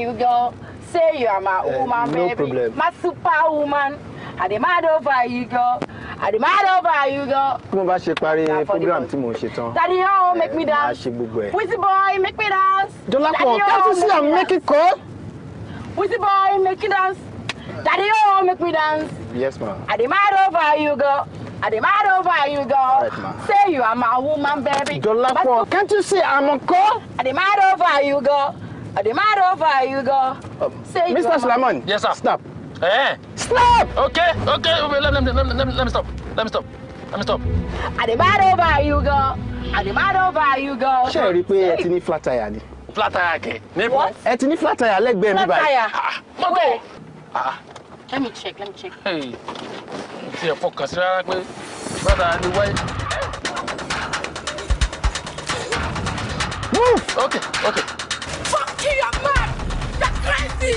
you go. Say you are my uh, woman, no baby. Problem. My superwoman. At the mad over you go. At the mad over you go. Tí mo bá ṣe program tí mo ṣe tán. Daddy oh, make eh, me dance. Pussy boy make me dance. Don't Dọ́lápọ̀ can't you see I'm making call? Pussy boy make me dance. Daddy oh, make me dance. Yes ma'am. At the mad over you go. At the mad over you go. Say you are my woman, baby. Don't Dọ́lápọ̀ can't you see I'm on call? At the mad over you go. Ademado, over you go. Um, Say Mr. Slaman. Yes, sir. Snap. Eh? snap. Okay, okay. Let, let, let, let, let me stop. Let me stop. Let me stop. Ademado, over you go. Ademado, over you go. Ṣé ẹ rí i pé ẹ ti ní flat tire ni? Flat tire kẹ̀. Níbo? Ẹ ti ní flat tire lẹ́gbẹ̀ẹ́ mi báyìí. Flat tire. Ah, mọ́tò. Ah. Let me check, let me check. Hey, See ẹ̀ focus sí rárá pé flat tire ni Move! Okay, okay sí.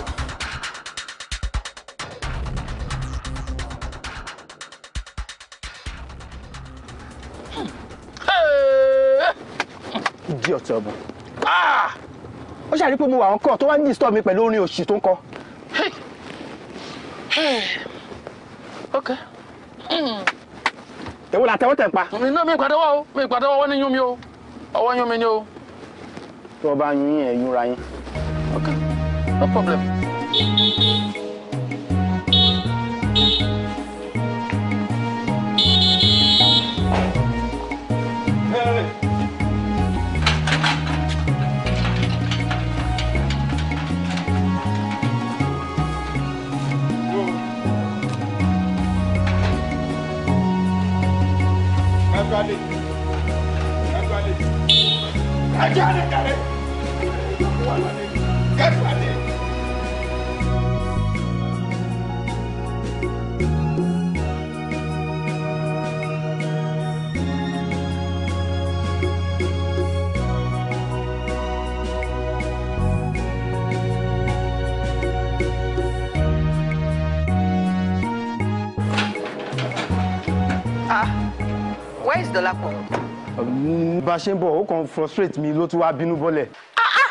jí ọ̀tẹ̀ ọ̀bùn. ó ṣàrí pé mo wà ọkọ tó wá ń disturb mi pẹ̀lú orin òṣì tó ń kọ. èwo la tẹwọ́ tẹ̀ ń pa. mi náà mi ìpàdé wá o mi ìpàdé wá wọ́n ní yún mi o ọwọ́ yún mi ni o. tí wọ́n bá yún yín ẹ̀ yúnra yín. No problem. I got it. I got it. I got it. where is Dolapo? bá a ṣe ń bọ̀ ó kàn frustrate mi ló tún wá bínú bọ́lẹ̀. Ah, ah!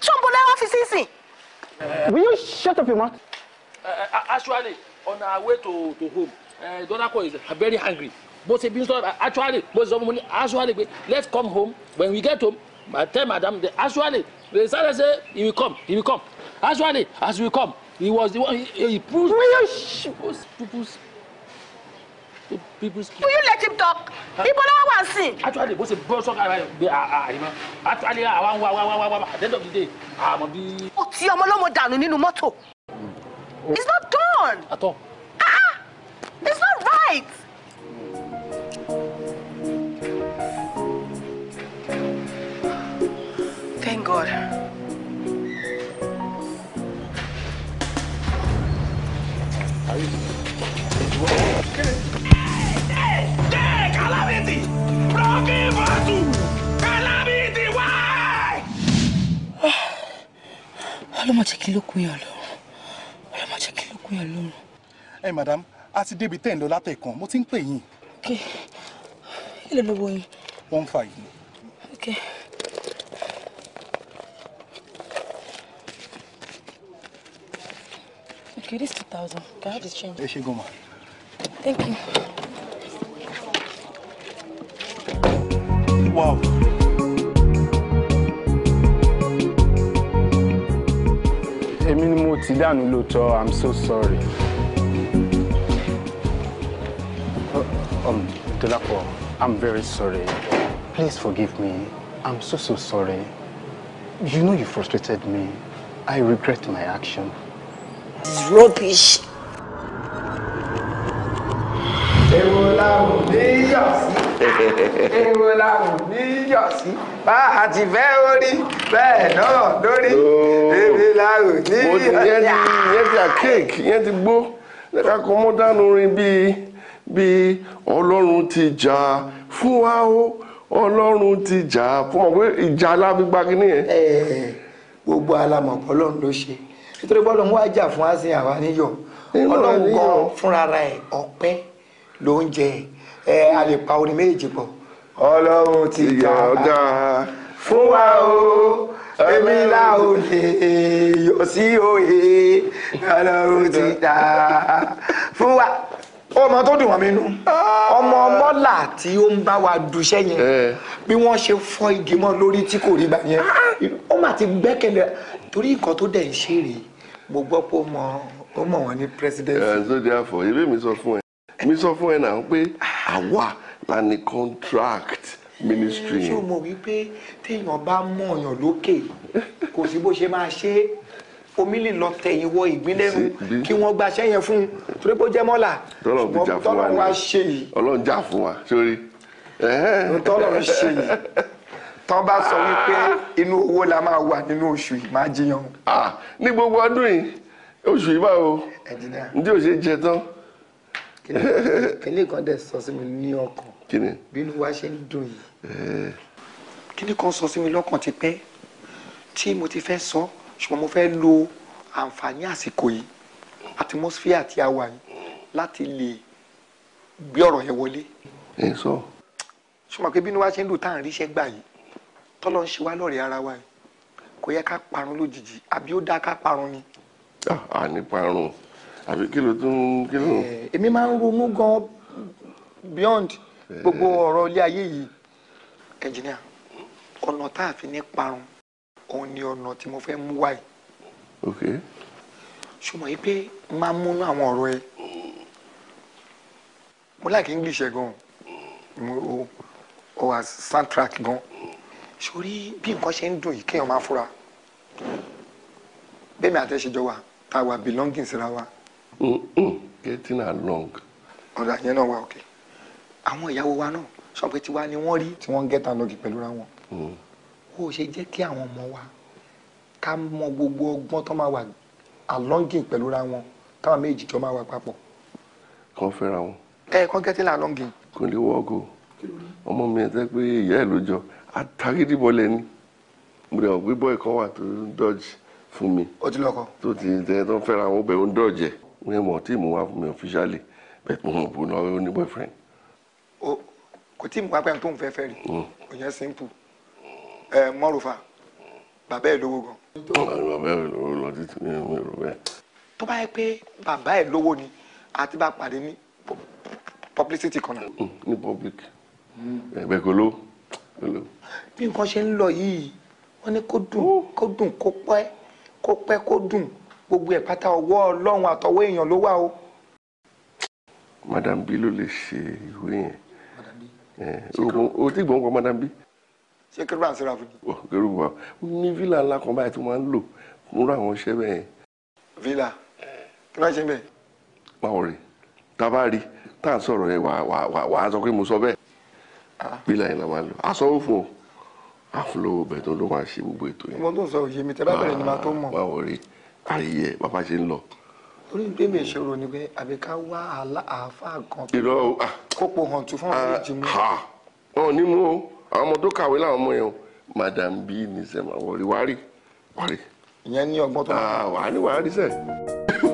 ṣọ́nbó lẹ́wọ́ fi sínsìn. will you shut up your mouth. Uh, actually on our way to to home uh, eh, Dolapo is very angry bó ṣe bí sọ actually bó ṣe sọ fún mi actually pé let's come home when we get home I tell madam the actually the sergeant say he will come he will come actually as we come he was the one he, he push. will you sh. push people's people. will you let him talk. People ló wà sí. actually what's a bọ́ sọ́kà rẹ̀ actually àwa ń wá wá wá wá end of the day àmọ́ bí. ó ti ọmọ lọ́mọ dànù nínú mọ́tò. Mm. it's not done. at all. ọlọ́mọ jẹ́ kí ló kún yàn lọ́rùn ọlọ́mọ jẹ́ kí ló kún yàn lọ́rùn. ẹ madam a ti débi tẹ́ ẹ̀ ń lọ látẹ̀kàn mo ti ń pè yín. ok ló lówó yín. one five. ok. okay this two thousand can I have this change. ẹ ṣe gan ma. thank you. wow. èmi ni mo ti dànù lóòótọ́ i'm so sorry. Uh, um, Dolapo, I'm very sorry. Please forgive me. I'm so, so sorry. You know you frustrated me. I regret my action. It's rubbish. Ewo la o de èwo la wò ní yíyọ̀ sí bá a ti fẹ́ orí bẹ́ẹ̀ náà lórí èmi la wò ní yíyọ̀ sí. yẹn ti yẹn ti àkéèkì yẹn ti gbó lẹ́ka kan mọ́ dánú rin bíi bíi ọlọ́run ti jà fún wa o ọlọ́run ti jà fún wa pé ìjà alábígbá kínní yẹn. gbogbo alamọ̀pọ̀ ọlọ́run ló ṣe nítorí bọ́ọ̀lù wọn jà fún àsìn àwa níyọ̀ ọlọ́run gan fúnra rẹ̀ ọpẹ́ ló ń jẹ ẹ̀ ẹ a lè pa orin méjì pọ̀ ọlọ́run ti gbà fún wa o èmi làwọn òde yọ sí òye ọlọ́run ti gbà fún wa ọmọ tó dùn wọn mi nú ah. ọmọ mọ́là tí ó ń bá wa duṣẹ́ yẹn eh. bí wọ́n ṣe fọ́ igi mọ́ lórí tí kò rí gbà yẹn ah. ó mà ti gbẹ́kẹ̀lé torí nǹkan tó dẹ̀ ń ṣe rèé mo gbọ́ pé ó mọ wọn ní presidency. ẹ eh, ẹ zodiac fọ ebí mi sọ fún ẹ mi sọ fún ẹ náà pé ah àwa la ní contract ministry yẹn. ṣé o mọ̀ wípé téèyàn bá mọ̀ ọ̀yàn lókè kò sí bó ṣe máa ṣe é omi lè lọ tẹ̀yìn wọ ìgbínlẹ́nu kí wọ́n gbaṣẹ́ yẹn fún un torí pé ó jẹ́ mọ́là ṣùgbọ́n tọ́lọ́run wa ṣe yìí. ọlọ́run jà fún wa sórí. tọ́lọ́run ṣe yìí tọ́ bá sọ wípé inú owó la máa wà nínú oṣù yìí máa jiyàn. ní gbogbo ọdún yìí oṣù yìí báwo ǹjẹ́ ò ṣe jẹ tán kíní kan dẹ̀ sọ sí mi ní ọkàn kíní bínú wa ṣe ń dùn yìí. Eh. kíní kan sọ sí mi lọ́kàn ti pẹ́ tí mo ti fẹ́ sọ ṣùgbọ́n mo fẹ́ lo àǹfààní àsìkò yìí atmosphere tí a wà yìí láti lè gbé ọ̀rọ̀ yẹn wọlé. ẹ sọ. ṣùgbọ́n pé bínú wa ṣe ń dùn tá à ń ríṣẹ́ gbà yìí tọ́lọ́ ń ṣe wá lọ́rẹ̀ẹ́ ara wa yìí kò yẹ ká parun lójijì àbí ó dá ká parun ni. Ah, a ní parun àbí kí ló tún kí ló. Eh, èmi máa ń ronú gan beyond eh. gbogbo ọ̀rọ̀ ilé ayé yìí ẹnjìníà ọ̀nà tá a fi ní parun òun ni ọ̀nà tí mo fẹ́ mú wáyé. ok. ṣùgbọ́n yìí pé máa múnú àwọn ọ̀rọ̀ ẹ mo láì English ẹ gan mo o wa soundtrack gan sórí bí nǹkan ṣe ń dùn yìí kéèyàn máa fura bẹ́ẹ̀ mi àtẹ̀ṣejọ wa tá a wà belonging síra wa getting along. ọ̀dà yẹn náà wà òkè àwọn ìyàwó wa náà sọ̀pẹ́ tiwa ni wọ́n rí tí wọ́n ń get along pẹ̀lú ra wọn. Mm. ó ṣe jẹ́ kí àwọn ọmọ wa ká mọ gbogbo ọgbọ́n tó máa wà alonging pẹ̀lú ra wọn káwọn méjì jọ máa wà papọ̀. kàn fẹ́ra wọn. ẹ kàn getting alonging. kò lè wọ́ọ̀gù ọmọ mi ẹ̀ tẹ́ pé ìyá ẹ̀ ló jọ àtàrídìbọlẹ̀ ni mo rẹ̀ wọ́n pé bọ́ọ̀ kan wà tó ń dọ́jì fún mi. ó ti lọ́kọ. tó ti tẹ́ tó ń fẹ́ra wọn bẹ̀rù ń dọ́jẹ̀. We ò mọ̀ tí mo wá officially but we mọ̀ bó náà ó ní boyfriend. o kò tí mo wá pẹ́yìn very ń fẹ́ fẹ́ rí hmm. òyìn simple ẹ mọ́rùfà bàbá ẹ̀ lówó gan. bàbá ẹ̀ lówó lọ títí mi ò rò bẹ́ẹ̀. tó bá yẹ pé bàbá ẹ̀ lówó ni àti bá pàdé publicity kan náà. Hmm, ní public hmm. ẹgbẹ́ kò ló. bí nǹkan ṣe ń lọ yìí wọ́n ní kó dùn kó dùn kó pẹ́ kó pẹ́ kó dùn gbogbo ẹ̀ pátá ọwọ́ ọlọ́run àtọwọ́ èèyàn ló wà o. madam b ló lè ṣe ìwé yẹn o ti gbọ́n kọ́ madam b. ṣé kẹrù bá ń sẹ́ra fún mi. kẹrù bá ní fílà ńlá kan báyìí tí wọ́n máa ń lò mú àwọn iṣẹ́ bẹ́ẹ̀. fílà kí wọ́n ṣe bẹ́ẹ̀. báwo rè tá a bá rí tá à ń sọ̀rọ̀ yẹn wàá sọ pé mo sọ bẹ́ẹ̀ fílà ah. yẹn la máa ń lò aṣọ òfò àfúlò bẹ̀ tó ló máa ṣe gbogbo ètò yẹn. mo tó sọ òye mi tẹ bá bẹ̀rẹ̀ ni màá tó mọ̀. báwo ah, rè ayé bàbá ṣe ń lọ. orí ìgbé mi ìṣòro ni pé àbí ká wá àáfàá kan ah. hàn fún àwọn ah, méjì mú. wọn ò ní mú o àwọn ọmọ tó kàwé làwọn ọmọ yẹn o madam b ní sẹ́mà wọ̀rí wárí wárí. ìyẹn ní ọgbọ́n tó máa. Ah, wàá ní wàá rí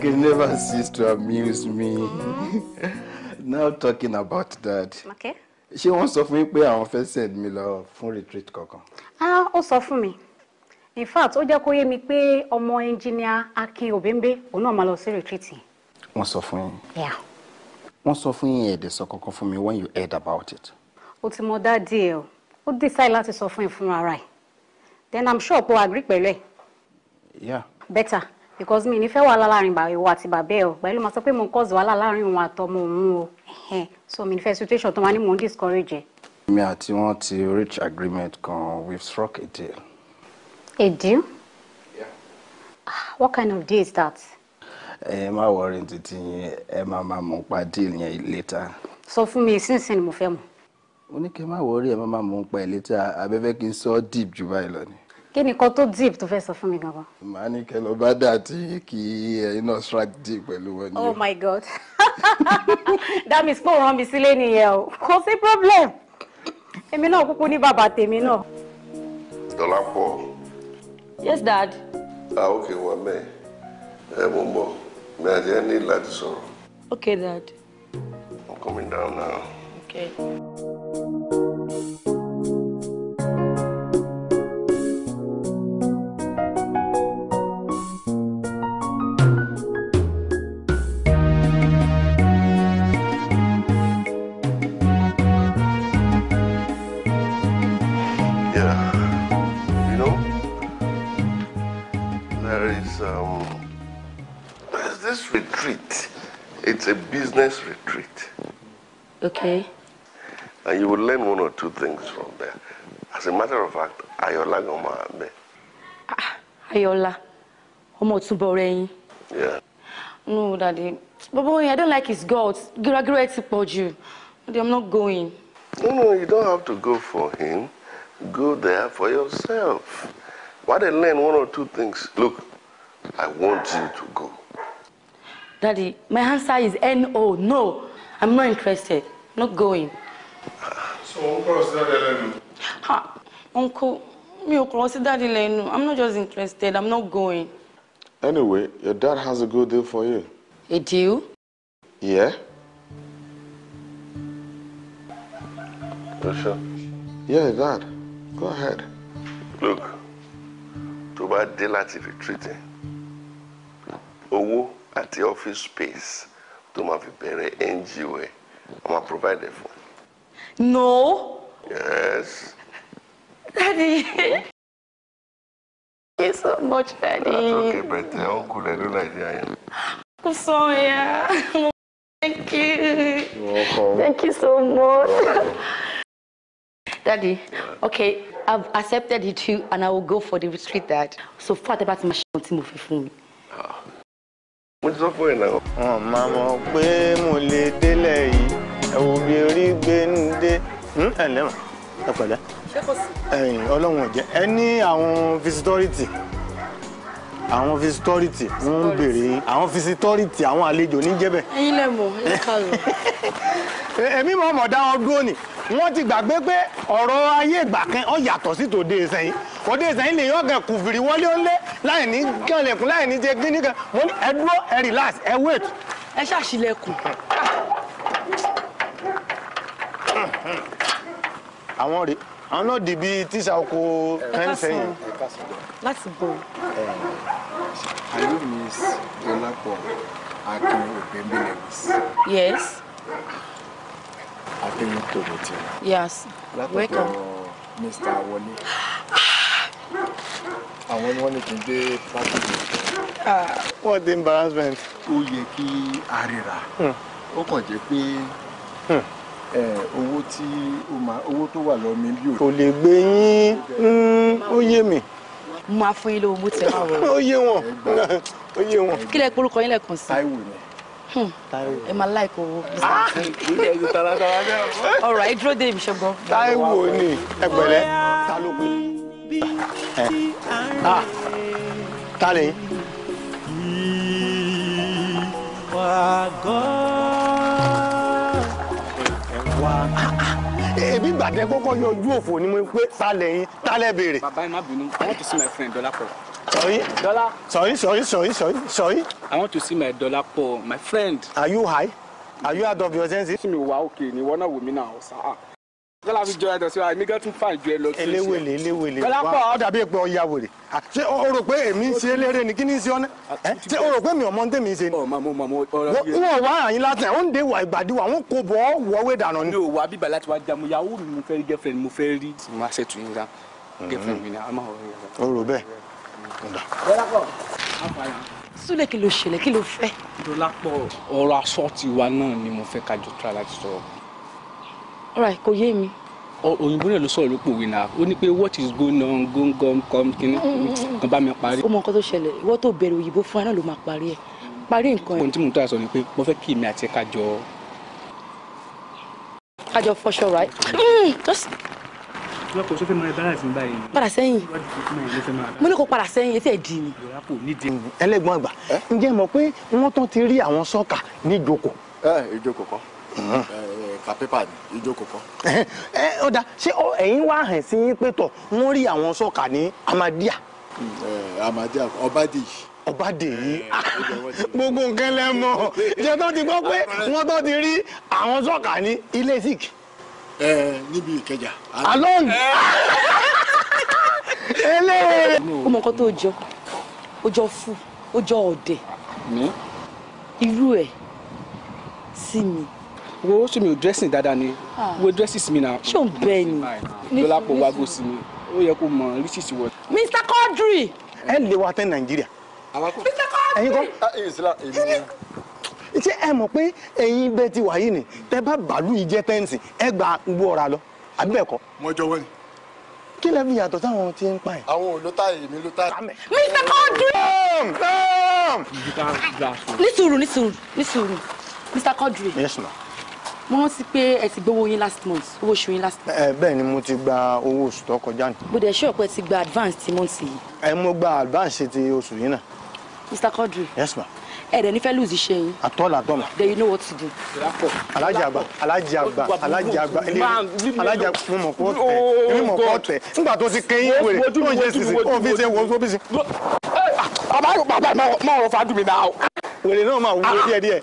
can never cease to amuse me. Now talking about that. Okay. ṣé wọ́n sọ fún yín pé àwọn fẹ́ send mi lọ fún retreat kankan. ah ó sọ fún mi in fact ó jẹ́ kó yé mi pé ọmọ ẹnjìníà akin òbẹ́ńbẹ́ òun náà máa lọ sí retreat yẹn. wọ́n sọ fún yín. wọ́n sọ fún yín ẹ̀ẹ́dẹ̀ sọ kankan fún mi when you heard about it. o ti mọ dáadé o ó decide láti sọ fún ẹ fúnra rẹ then i'm sure pé o agree pẹ̀lú ẹ. yeah. better because mi ní fẹ́ wàhálà láàrin ìwọ àti bàbá ẹ o pẹ̀lú máa sọ pé mo ń cause wàhálà láàrin òun àtọmọ òun o so mi fẹ́ situation tó máa ní mò ń discourage. èmi àti wọn ti reach agreement kan we've struck a deal. a deal? Yeah. Ah, what kind of deal is that? ẹ má wọrin títí yẹn ẹ má má deal yẹn later. sọ fún mi sínsìn ni mo fẹ́ mọ̀. oníkẹ́ má wọrí ẹ má má mọ̀ pa later abẹ́fẹ́ kí n deep jù báyìí lọ kí ni kan tó deep tó fẹ́ sọ fún mi gangan. màá ní kẹlọ bá dà tí kì í ẹyin náà strike deep pẹ̀lú wọn ni. oh my god that means pé òun rán mi sílé nìyẹn o kò sí problem èmi náà kúkú ní bàbá tèmi náà. Dọlápọ̀. yes dad. ah ok wà mẹ́ẹ̀ ẹ mọ̀ mọ̀ mi àti ẹ ní láti sọ̀rọ̀. ok dad. i'm coming down now. okay. business retreat. Okay. And you will learn one or two things from there. As a matter of fact, Ayola Goma Ambe. Ah, Ayola. Ọmọ Ọ̀túnba ọ̀rẹ́ yín. Yeah. No, Daddy. But boy, I don't like his guts. Giragira ti you. Daddy, I'm not going. No, no, you don't have to go for him. Go there for yourself. Why don't learn one or two things? Look, I want you to go. Daddy, my answer is N-O. No, I'm not interested. Not going. So, cross that lẹ́nu. Ha, uncle, mi ò cross that lẹ́nu. I'm not just interested. I'm not going. Anyway, your dad has a good deal for you. A deal? Yeah. You sure? Yeah, dad. Go ahead. Look, tó bá dé láti retreat ẹ̀, owó. At the office space to my very bẹ̀rẹ̀ NGO ẹ̀ a máa provide no. yes. daddy thank you so much daddy. that's okay bẹ̀tẹ̀ uncle ẹ̀ ló láì dé àyà. i'm sorry thank you thank you so much. daddy okay i've accepted it too and i will go for the retreat dad so far about bá machine, to move ohun tí mo mo ti sọ fún ẹ náà. wọn máa mọ pé mo lè délẹ̀ yìí ẹ wo bí orí gbé ń dé hmm? ẹ lẹ́wọ̀n ẹ pẹ̀lẹ́ ẹ̀yìn ọlọ́run ọ̀jẹ́ ẹ ní àwọn visitority àwọn visitority wọ́n ń béèrè yín àwọn visitority àwọn àlejò níjẹ́bẹ̀. ẹ̀yin lẹ mọ̀ ẹ ká lọ. èmi mọ̀ mọ̀ dá wọn dúró ni wọ́n ti gbàgbé pé ọ̀rọ̀ ayé ìgbà kan ó yàtọ̀ sí tòde ìsẹ̀yìn òde ìsẹ̀yìn lè yọ̀gàn kù fìrí wọlé ó lé láì ní gànlẹ̀kùn láì ní jẹ gíní kan mo ní ẹ dúró ẹ relax ẹ wait. ẹ ṣàṣìlẹ̀kùn. àwọn rèé àwọn náà dìbí tíṣà oko kan sẹ́yìn. láti bọ̀. ayé mi is dolapo akin obembelewis. yes. Bring it to the team. Yes. Welcome. Mr. Wole. Àwọn ni wọ́n ní kí n gbé Uh. What the embarrassment? Ó yẹ kí a ríra. Hmm. Ó kàn jẹ́ pé hmm. eh, owó tí ó máa owó tó wà lọ́mí bí ò. Kò lè gbé yín hmm, ó yé mi. Mo máa fún yín lówó mo tẹ̀ wá wọ̀. Ó yé wọn. Ó yé wọn. Kí lẹ porúkọ yín lẹ́ẹ̀kan sí? Táíwò ni. Hmm. ẹ máa láìkó ọ̀rọ̀ ah! ẹ dúró dé mi ṣẹ́gun. òfò ni mo pé ta lẹ́yìn ta lẹ́ béèrè. bàbá ẹ má bínú i want to see my friend Dọ́lápọ̀. Sorry? Dollar? Sorry, sorry, sorry, sorry, sorry. I want to see my dollar poor, my friend. Are you high? Are you out of your senses? Ṣé mi wà òkè ni wọ́n náà wò mí náà ọ̀sán? Dọ́là fi jọ ẹ̀dọ̀ sí wa, èmi gan tún fà ju ẹ lọ sí iṣẹ́. Eléwèlé, eléwèlé. Dọ́là pọ̀. Ó dàbí èpè ọ̀ya wèrè. Ṣé o rò pé èmi ń ṣe eléré ni kí ni ń ṣe ọ́nà? Ṣé o rò pé mi ò mọ ohun tèmi ń oh, ni? Ọ̀ma mo mọ̀ mo ọ̀rọ̀ yẹn. Wọ́n wá àyín látẹ̀, ó ń de ìwà ìgbàdíwà, wọ́n kò bọ̀ ọ́ wọ́wé dànù ni. Mi ò wá bíbà láti wá jamu, ìyàwó mi mo fẹ́ rí, girlfriend mo fẹ́ rí. Mo máa ṣètò yín ra, mm-hmm. girlfriend mi ni, a máa wọ̀ ọ́ yàrá. O rò bẹ́ẹ̀ súlẹ̀ kí ló ṣẹlẹ̀ kí ló fẹ́. dọ́lápọ̀ ọ̀rọ̀ aṣọ tiwa náà ni mo fẹ́ ká jọ tura láti sọ̀rọ̀. ọ̀rọ̀ kò yé mi. òyìnbó náà ló sọ̀rọ̀ ló pòwe náà ó ní pé what is going on going on come kíní mm-hmm. kan bá mi parí. ó mọ nǹkan tó ṣẹlẹ̀ ìwọ tó bẹ̀rẹ̀ òyìnbó fún wa náà ló máa parí ẹ̀ parí nǹkan ẹ̀. ohun tí mo ń tọ́ àṣọ ni pé mo fẹ́ kí èmi àti ẹ ká jọ. ká jọ fọṣọ right. Mm, lọ́pọ̀ sọ́fẹ́ máa bára sí báyìí. padà sẹ́yìn mo ní kó padà sẹ́yìn etí ẹ̀ dì mí. Mm, ẹlẹ́gbọ́n àgbà ǹjẹ́ mọ̀ pé wọ́n tán ti rí àwọn sọ́kà ní ìjókòó. ẹ ìjókòó kọ́ mm. ka pépà ní ìjókòó kọ́. ẹ ọ̀dà ṣé ẹ̀yin wá hàn sí pé tọ̀ wọ́n rí àwọn sọ́kà ní Ahmadiyya. Mm, Ahmadiyya ọbàdì yìí ọba dè yí gbogbo nǹkan lẹ mọ jẹ tó ti gbọ́ pé wọn tó ti rí àwọn sọkà ní ilé sikh ẹ níbi ìkẹjà. along ele. ó mọ nǹkan tó jọ o jọ fún ó jọ ọ̀dẹ̀ irú ẹ̀ sí mi wo ṣe mi ò dressing dáadáa ni wo dresses mi na. ṣé o bẹ́ẹ̀ ni. dọ́lápọ̀ wágò sí mi ó yẹ kó mọ riches wọ. Mr. Quadri. ẹ lè wa tẹ Nàìjíríà. Mr. Quadri. ẹyin kọ́ ṣé ẹ mọ̀ pé ẹ̀yin bẹ́ẹ̀ ti wà yìí ni tẹ bá bàálù yìí jẹ́ tẹ́ǹsì ẹ gba gbó ọ̀ra lọ àbí bẹ́ẹ̀ kọ́. mo jọ wọ́n ni. kí lẹ fi yàtọ̀ táwọn ti ń pa ẹ̀. àwọn ò ló tá èmi ló tá. mr Quadri. ní sùúrù ní mr Quadri. yes ma. mo rántí pé ẹ ti gbowó yín last month owó oṣù yín last month. ẹ bẹ́ẹ̀ ni mo ti gba owó oṣù tó kọjá ni. bó dẹ̀ ṣé ọ̀pẹ ti gba advance ti month yìí. ẹ mo gba advance ti oṣù yìí náà. mr Quadri. yes ma ẹ̀rẹ̀ nífẹ̀ẹ́ lùzì ṣe yín. àtọ́là àtọ́là. then you know what to do. alájì àgbà alájì àgbà alájì àgbà alájì àgbà mo mọ̀ kọ́ tẹ̀ oh, èmi mọ̀ kọ́ tẹ̀ nígbà tó ti kẹ́yìn wèrè tó ń jẹ́ sísè ó fi ṣe wọ́n fi ṣe. Ah, bàbá bàbá máa rọ fàájú mi náà. wèrè náà máa wúwo ah, díẹ̀ díẹ̀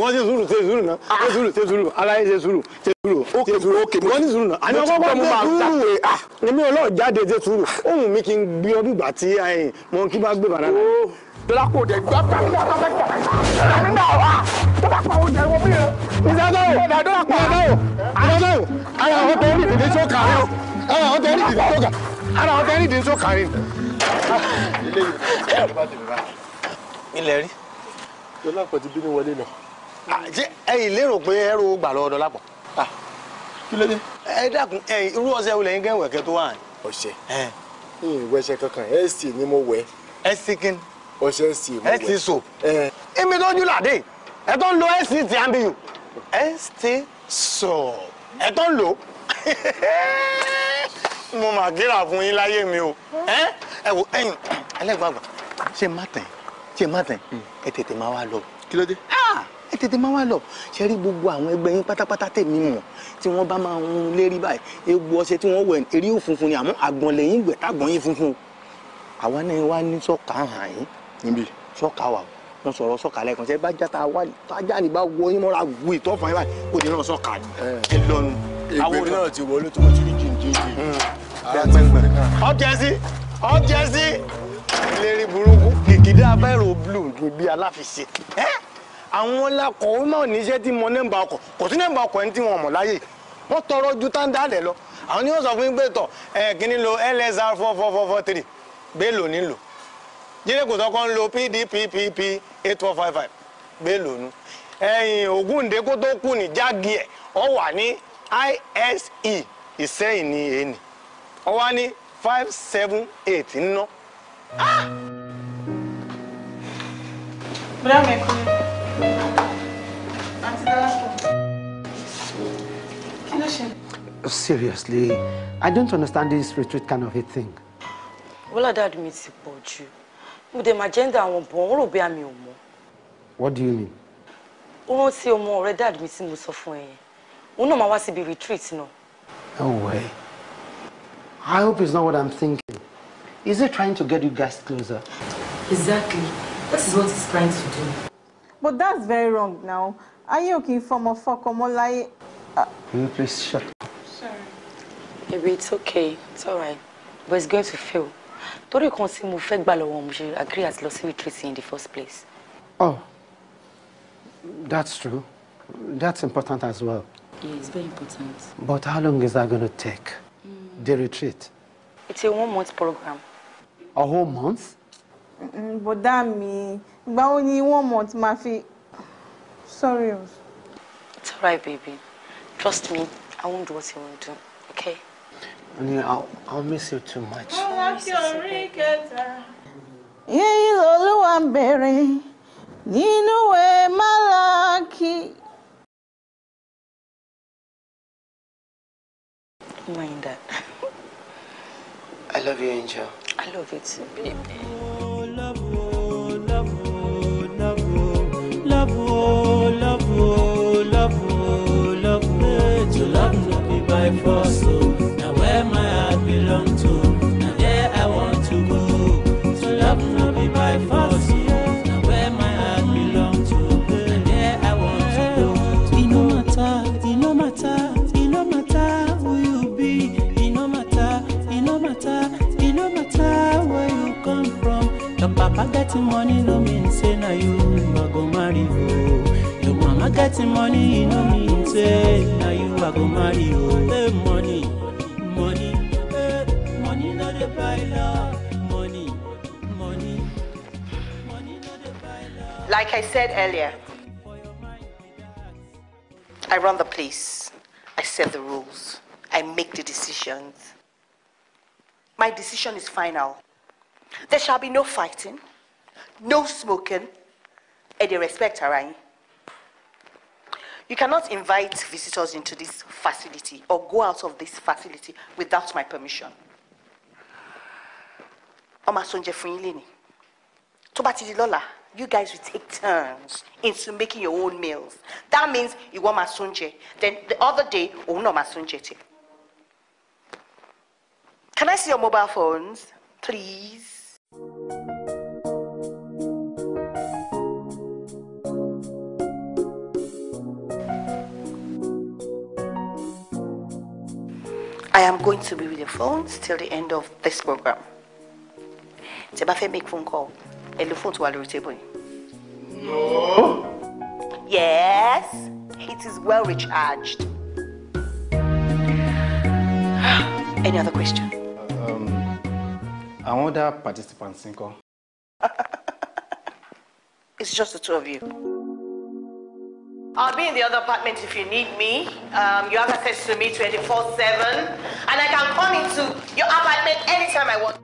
wọ́n ṣe sùúrù ṣe sùúrù náà ṣe sùúrù ṣe sùúrù aláyé ṣe sùúrù ṣe sùúrù ṣe sùúrù wọ́n ní sùúrù náà. àná kọ́kọ́ ṣe sùúrù ah. èmi ọlọ́ọ̀ jáde ṣe sùúrù ohun mi kì í gbé ọdún gbà tí eh, mọ̀ kí bá gbé bàrà náà. Oh dọ́là kò dẹ̀ gbà pàmì náà tó fẹ́ gbà pàmì náà wà dọ́là pa òun jẹ́ wọ́n bí yẹn. ìṣe náà wò dọ́là pa náà wò ìṣe náà wò ara àwọn tó ní ìdílé tó kàrí o ara àwọn tó ní ìdílé tó kà ara àwọn tó ní ìdílé tó kàrí. ilé rí dọ́là pọ̀ ti bí ní wọlé náà. ṣé ẹ̀yin lérò pé ẹrù gbà lọ dọ́là pọ̀. kí ló dé. ẹ dákun ẹ̀yin irú ọṣẹ wo lẹ́yìn gẹ́wẹ̀kẹ́ tó wà. ọṣẹ ìwẹṣẹ kankan ẹ sì ni mo wẹ. ẹ sì kí ni ọṣẹ sì mú wẹ. st soap èmi tó jù làdé ẹ tó ń lo st ambiu st soap ẹ tó ń lò mo mà kíra fún yín láyé mi o ẹ wo ẹ̀yin ẹlẹgbàgbà ṣe má tẹ̀ ṣe má tẹ̀ hmm. ẹ tètè máa wá lọ. kí ló dé. ẹ tètè máa wá lọ ṣe rí gbogbo àwọn ẹgbẹ́ yín pátápátá tèmi mọ̀ tí wọ́n bá máa ń lérí báyìí egbò ọṣẹ tí wọ́n wẹ̀ eré òfunfun ni àmọ́ àgbọ̀n lẹ́yìn ìgbẹ́ tàgbọ̀n yín funfun àwa náà wá ní sọ́kà hàn yín níbi. sọ́ka wà lọ sọ̀rọ̀ sọ́ka lẹ́ẹ̀kan sẹ́ bá játa wá tájà ní bá wọ yín mọ́ra wù ìtọ́ fún yín báyìí kò ní lọ sọ́ka ẹ lọ́nu. ìgbẹ́ náà ti wọlé tó wọ́n ti rí jìnjìnjìn. ọjẹ́ hmm. sí ọjẹ́ sí ìlérí burúkú kìkìdá abẹ́rò blue ní bí aláfiṣe àwọn lakọ̀ ó náà níṣẹ́ tí mọ nẹ́ǹbà ọkọ̀ kò sí nẹ́ǹbà ọkọ̀ ẹni tí wọ́n mọ̀ láyè wọ́n tọrọ ju táńdálẹ̀ lọ àwọn ni wọ́n sọ fún yín pé tọ̀ ẹ̀ kí ni lo lsr four four four four three bẹ́ẹ̀ lò ní lò jídẹ́kùn tó kọ́ ń lo pdppp eight four five five bẹ́ẹ̀ lónú ẹ̀yìn Ògúndé kó tó kù ní jági ẹ̀ ọ wà ní ise Ìsẹ́yìn ní èyí ọ wá ní five seven eight ńná. Ah! bùrẹ́ mi kú àti dáhùn kí ló ṣe. Seriously, I don't understand this retreat kind of a thing. Wọ́lá dáàdì mi ti pọ̀ jù mo dẹ̀ máa jẹ́ńdà àwọn bọ̀ ń rò bí àmì ò mọ́. what do you mean. ó rántí ọmọ ọ̀rẹ́ dad mi tí mo sọ fún ẹ yẹn òun náà máa wá síbi retreat náà. no way i hope it's not what i'm thinking is he trying to get you guys closer. exactly that is what he's trying to do. but that's very wrong now ayé òkè ìfọmọ fọkọmọ láyé. will you please shut up. sorry. baby it's okay it's alright but it's going to fail torí kan tí mo fẹ́ gbà lọ́wọ́ mo ṣe agree as lọ sí retreat in the first place. oh that's true that's important as well. yeah it's very important. but how long is that gonna take. Mm. the retreat. it's a one month program. a whole month. Mm, but that ìgbà wo only one month máa fi. sorry. it's alright baby trust me i won't do what you wan do okay ni I'll miss you too much. yíyí lolúwa You bèrè nínú ẹ̀ Málákì. Mind that. I love you, Angel. I love you too, baby. money no mean say na you go marry Your mama money no mean say na you go marry Hey, money, Like I said earlier, I run the place. I set the rules. I make the decisions. My decision is final. There shall be no fighting no smoking, and they respect ara You cannot invite visitors into this facility or go out of this facility without my permission. di lọ́la, you guys will take turns into making your own meals. That means you want masunje. Then the other day, oh no masunje. Can I see your mobile phones, please? I am going to be with your phones till the end of this program. Tí ẹ bá fẹ́ make phone call, ẹ lo phone tó wà lórí table yìí. No. Yes, it is well recharged. Any other question? Um, àwọn other participants ńkọ́? It's just the two of you. I'll be in the other apartment if you need me. Um, you have access to me 24-7. And I can come into your apartment anytime I want.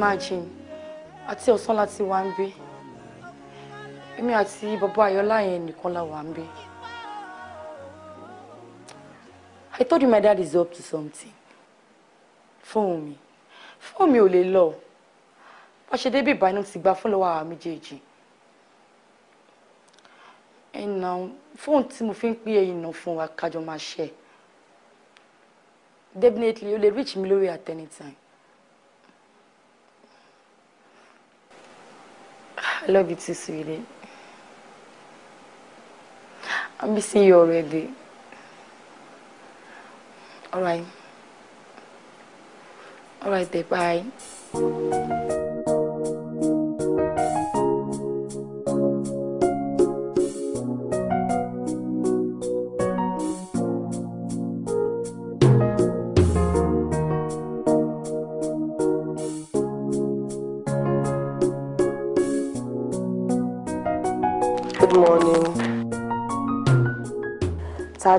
imagine àti ọ̀sán láti wá ń gbé èmi àti bàbá ayọ́lá yẹn nìkan la wà ń gbé. I told you my dad is up to something. Fóònù mi. Fóònù mi ò lè lọ. Bá ṣe débí ìbànú ti gba fún lọ́wọ́ àwa méjèèjì. Ẹnà fóònù tí mo fi ń pín ẹ̀yìn náà fún wa kájọ máa ṣe. Definitely o lè reach mi lórí at any time. I love you too, sweetie. I'm missing you already. All right. All right, then, bye.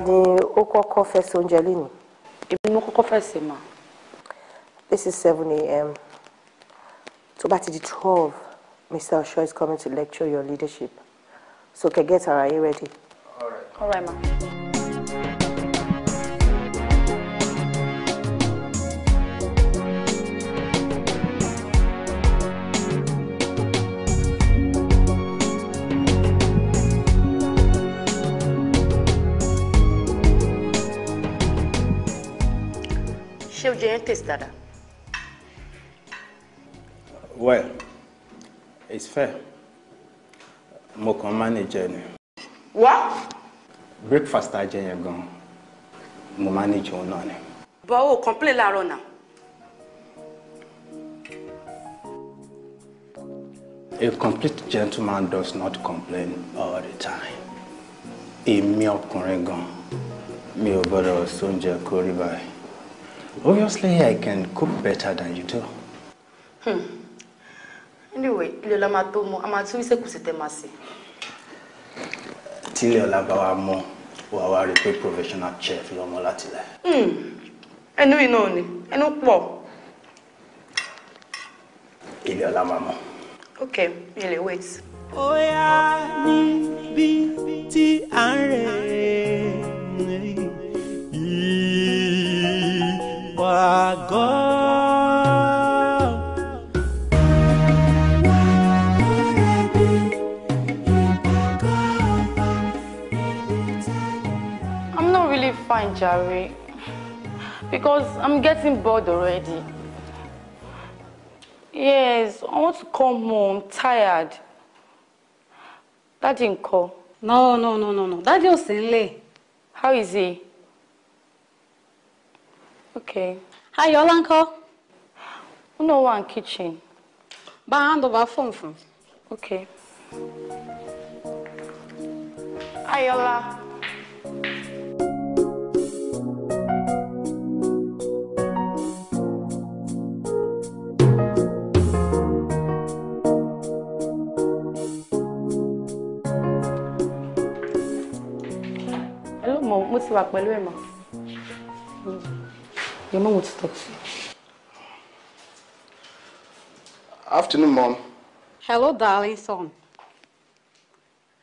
ta ni ó kọ́kọ́ fẹ́ se oúnjẹ lónìí. èmi ni mo kọ́kọ́ fẹ́ sè mà. this is seven a.m. tó bá ti di twelve Mr. Osho is coming to lecture your leadership so you can get ara yín ready. all right, all right ma. oúnjẹ yẹn taste dáadáa. well it's fair mo kàn manager ni. wá. breakfast ajẹ yẹn gan mo manage òun náà ni. bọ́ ò complain láàárọ̀ náà. A complete gentleman does not complain all the time. Èmi ọkùnrin gan mi ò gbọ́dọ̀ sóúnjẹ kórí báyìí. Obviously, I can cook better than you do. Hmm. Anyway, ilé ọlá máa tó mọ, a máa tún ní sẹ́kù sí professional chef lọ́mọ láti lẹ̀. Hmm. Ẹnu know ò ní, ẹnu pọ̀. Ilé ọlá máa mọ. Ok, mi lè wait. Bóyá níbi tí à ń rẹ̀ rẹ̀ agora. I'm not really fine, Jerry, because I'm getting bored already. Yes, I want to come home, tired. didn't call. No, no, no, no, no. Daddy ò sí nílé. How is he? Okay. Hi, ńkọ́? Ó náà wà ní kitchen. Bá a hand over phone fún. Okay. Ayọ̀lá. Hello, mo, mo ti wà pẹ̀lú ẹ̀ mọ́. Your mom wants to talk to you. Afternoon, mom. Hello, darling son.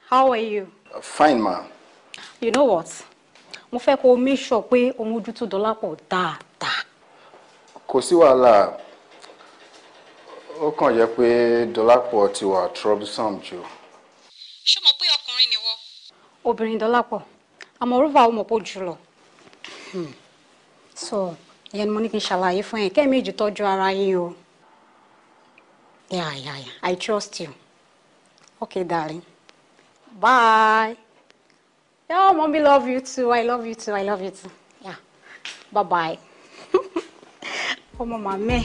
How are you? Uh, fine, ma. You know what? Mo fẹ́ kó o make sure pé o mójútó Dọlápọ̀ dáadáa. Kò sí wàhálà. Ó kàn jẹ́ pé Dọlápọ̀ ti wà troublesome jù. Ṣé o mọ̀ pé ọkùnrin ni wọ́? Obìnrin Dọlápọ̀. Àmọ́ Rúfà ó mọ̀ pé ó jù hmm. So ìyẹn ni mo ní kí n ṣàlàyé fún ẹ kẹ́ẹ̀mejì tọ́jú ara yín o yeah yeah yeah I trust you okay darling bye yeah mommy love you too I love you too I love you too yeah bye bye ọmọ màmí.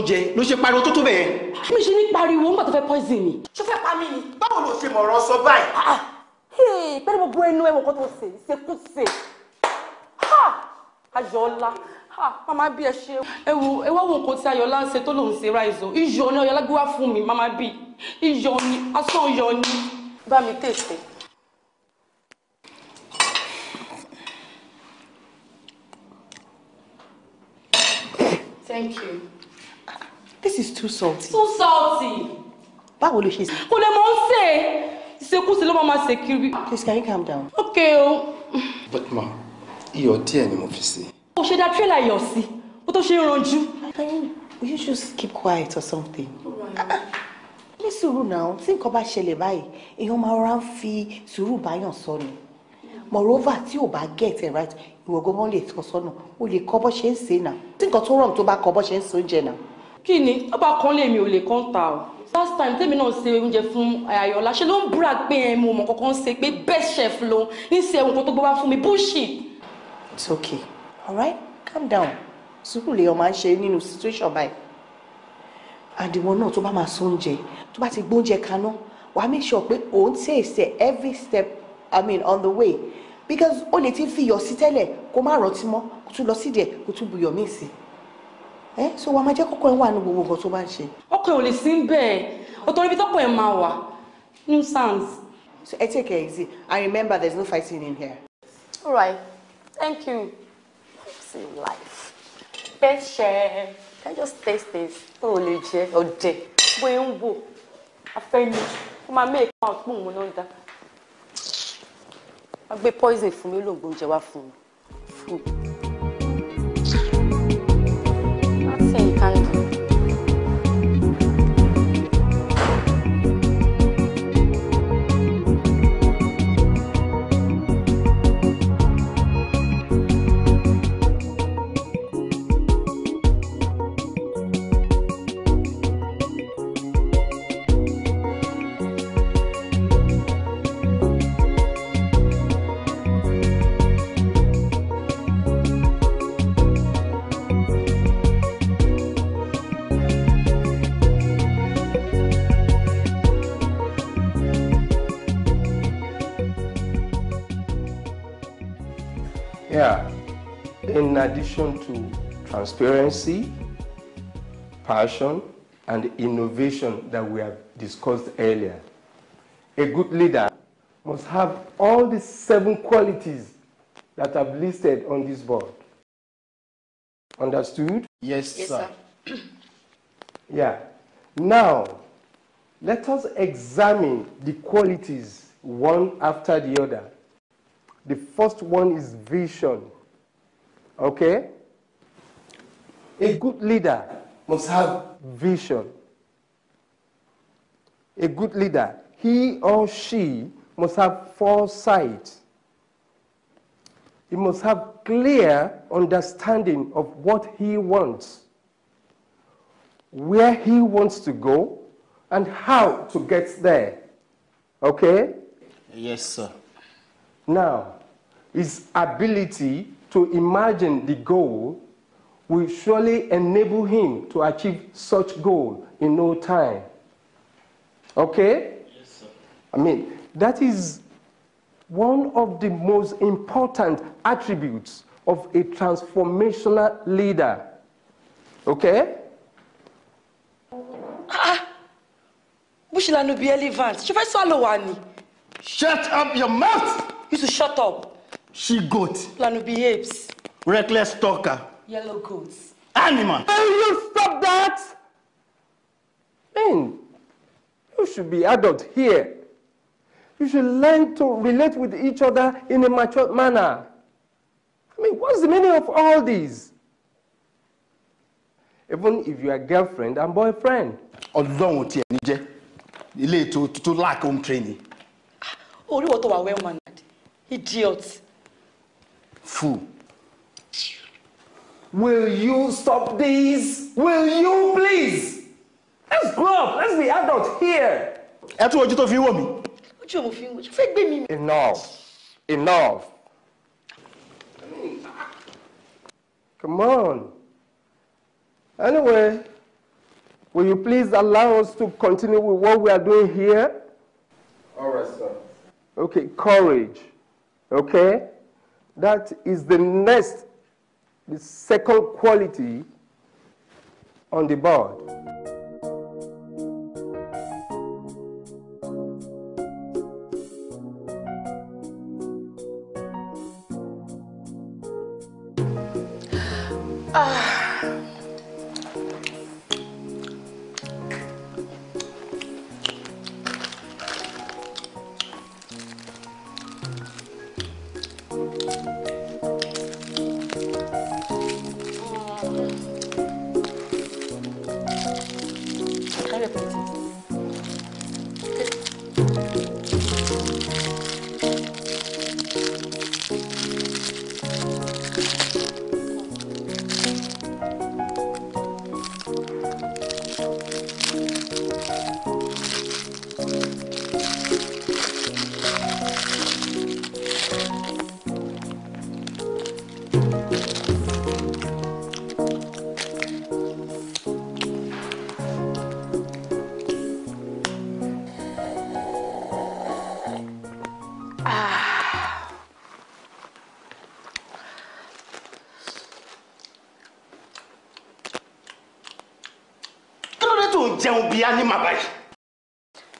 jóná jẹ ló ṣe pariwo tó tó bẹ́ẹ̀. mi ṣe ní pariwo nígbà tó fẹ́ poison mi. ṣó fẹ́ pa mí ni. báwo ló ṣe mọ̀rọ̀ sọ báyìí. pẹ́ẹ́rẹ́ mo bọ ẹnu ẹ̀wọ̀n kan tó ṣe ṣekúṣe. ayọ̀ọ́lá mama bí ẹ ṣe. ẹ wo ẹ wá wo nǹkan tí ayọ̀ọ́lá ń ṣe tó lòun ṣe ráìzọ iyọ̀ ni ayọ̀ọ́lá gbé wá fún mi mama bí iyọ̀ ni asán iyọ̀ ni. bá mi tètè. Thank you. This is too salty. Too salty. Báwo ló ṣe sè. Kò lè mọ̀ ń sè. Ìṣekúṣe ló máa ma ṣe kiri. Please can you calm down? Okay o. But ma, iyọ̀ díẹ̀ ni mo fi sè. Kò ṣe da tírélà iyọ̀ sí, bó tó ṣe ń ranjú. Can you will you just keep quiet or something? Ah, ah. Ní sùúrù náà, tí nǹkan bá ṣẹlẹ̀ báyìí, èèyàn máa rọra ń fi sùúrù báyàn sọ ni. Moreover, tí ò bá get it right, ìwọ̀gbọ́n lè tọ́ sọ́nà, o lè kọ́ bọ́ ṣe ń sè náà. Tí nǹkan tó rọrùn tó bá kọ́ bọ́ ṣe ń sè oúnjẹ náà kí ni ọba kan lè mi ò lè kán ta o last time tèmi náà ṣe oúnjẹ fún ayọ̀lá ṣe ló ń búra pé ẹ mo mọ̀ kankan ṣe pé best chef ló ń ṣe ohun kan tó gbọ́ fún mi bullshit. it's okay alright calm down sùúrù lè ọmọ à ń ṣe nínú situation báyìí àdìwọ náà tó bá máa sọ oúnjẹ tó bá ti gbóúnjẹ kaná wàá make sure pé òun tẹ̀sẹ̀ every step i mean on the way because o lè ti fi iyọ̀ sí tẹ́lẹ̀ kó má rántí mọ́ kó tún lọ sídìí ẹ̀ kó tún buyọ̀ míì sí i ẹ eh, so wàá máa jẹ́ kọ́kọ́ ẹ̀ wà ní gbogbo nǹkan tó bá ń ṣe. ọkọ ẹ ò lè sí ń bẹ́ẹ̀ ọ̀tọ̀ ibi tọ́kọ ẹ máa wà nuisance. so ẹ take it easy and remember there is no fighting in here. all right thank you see life pẹ́ṣẹ́ can I just taste this ó ò lè jẹ ọ̀dẹ̀ bóyá ń wò afẹ́ni ó máa mẹ́ ìka ọ̀pọ̀ òun náà dá wọ́n gbé poison fún mi ó lóògùn oúnjẹ wá fún mi. addition to transparency, passion, and innovation that we have discussed earlier. A good leader must have all the seven qualities that I've listed on this board. Understood? Yes, yes sir. sir. yeah. Now, let us examine the qualities one after the other. The first one is vision. Okay? A good leader must have vision. A good leader, he or she must have foresight. He must have clear understanding of what he wants, where he wants to go, and how to get there. Okay? Yes, sir. Now, his ability to imagine the goal will surely enable him to achieve such goal in no time. Okay? Yes, sir. I mean, that is one of the most important attributes of a transformational leader. Okay? Ah, ah. Bushilanu be elephant. Shut up your mouth! You should shut up. she goat. Lanu behaves. Reckless talker. Yellow goats. Animal. Will you stop that? Man, you should be adult here. You should learn to relate with each other in a mature manner. I mean, what's the meaning of all these? Even if you are girlfriend and boyfriend. Ọlọ́run tiẹ̀ ní jẹ́ ilé ètò tó lack home training. Ah, orí wo tó wà well mannered idiot. Fool. Will you stop this? Will you please? Let's grow up. Let's be adults here. Ẹ tún ojú tó fi ń wò mí. Ojú òun fi ń wò mí. Fẹ́ gbé mi. Enough. Enough. Come on. Anyway, will you please allow us to continue with what we are doing here? All right, sir. Okay, courage. Okay? That is the next, the second quality on the board. animal báyìí.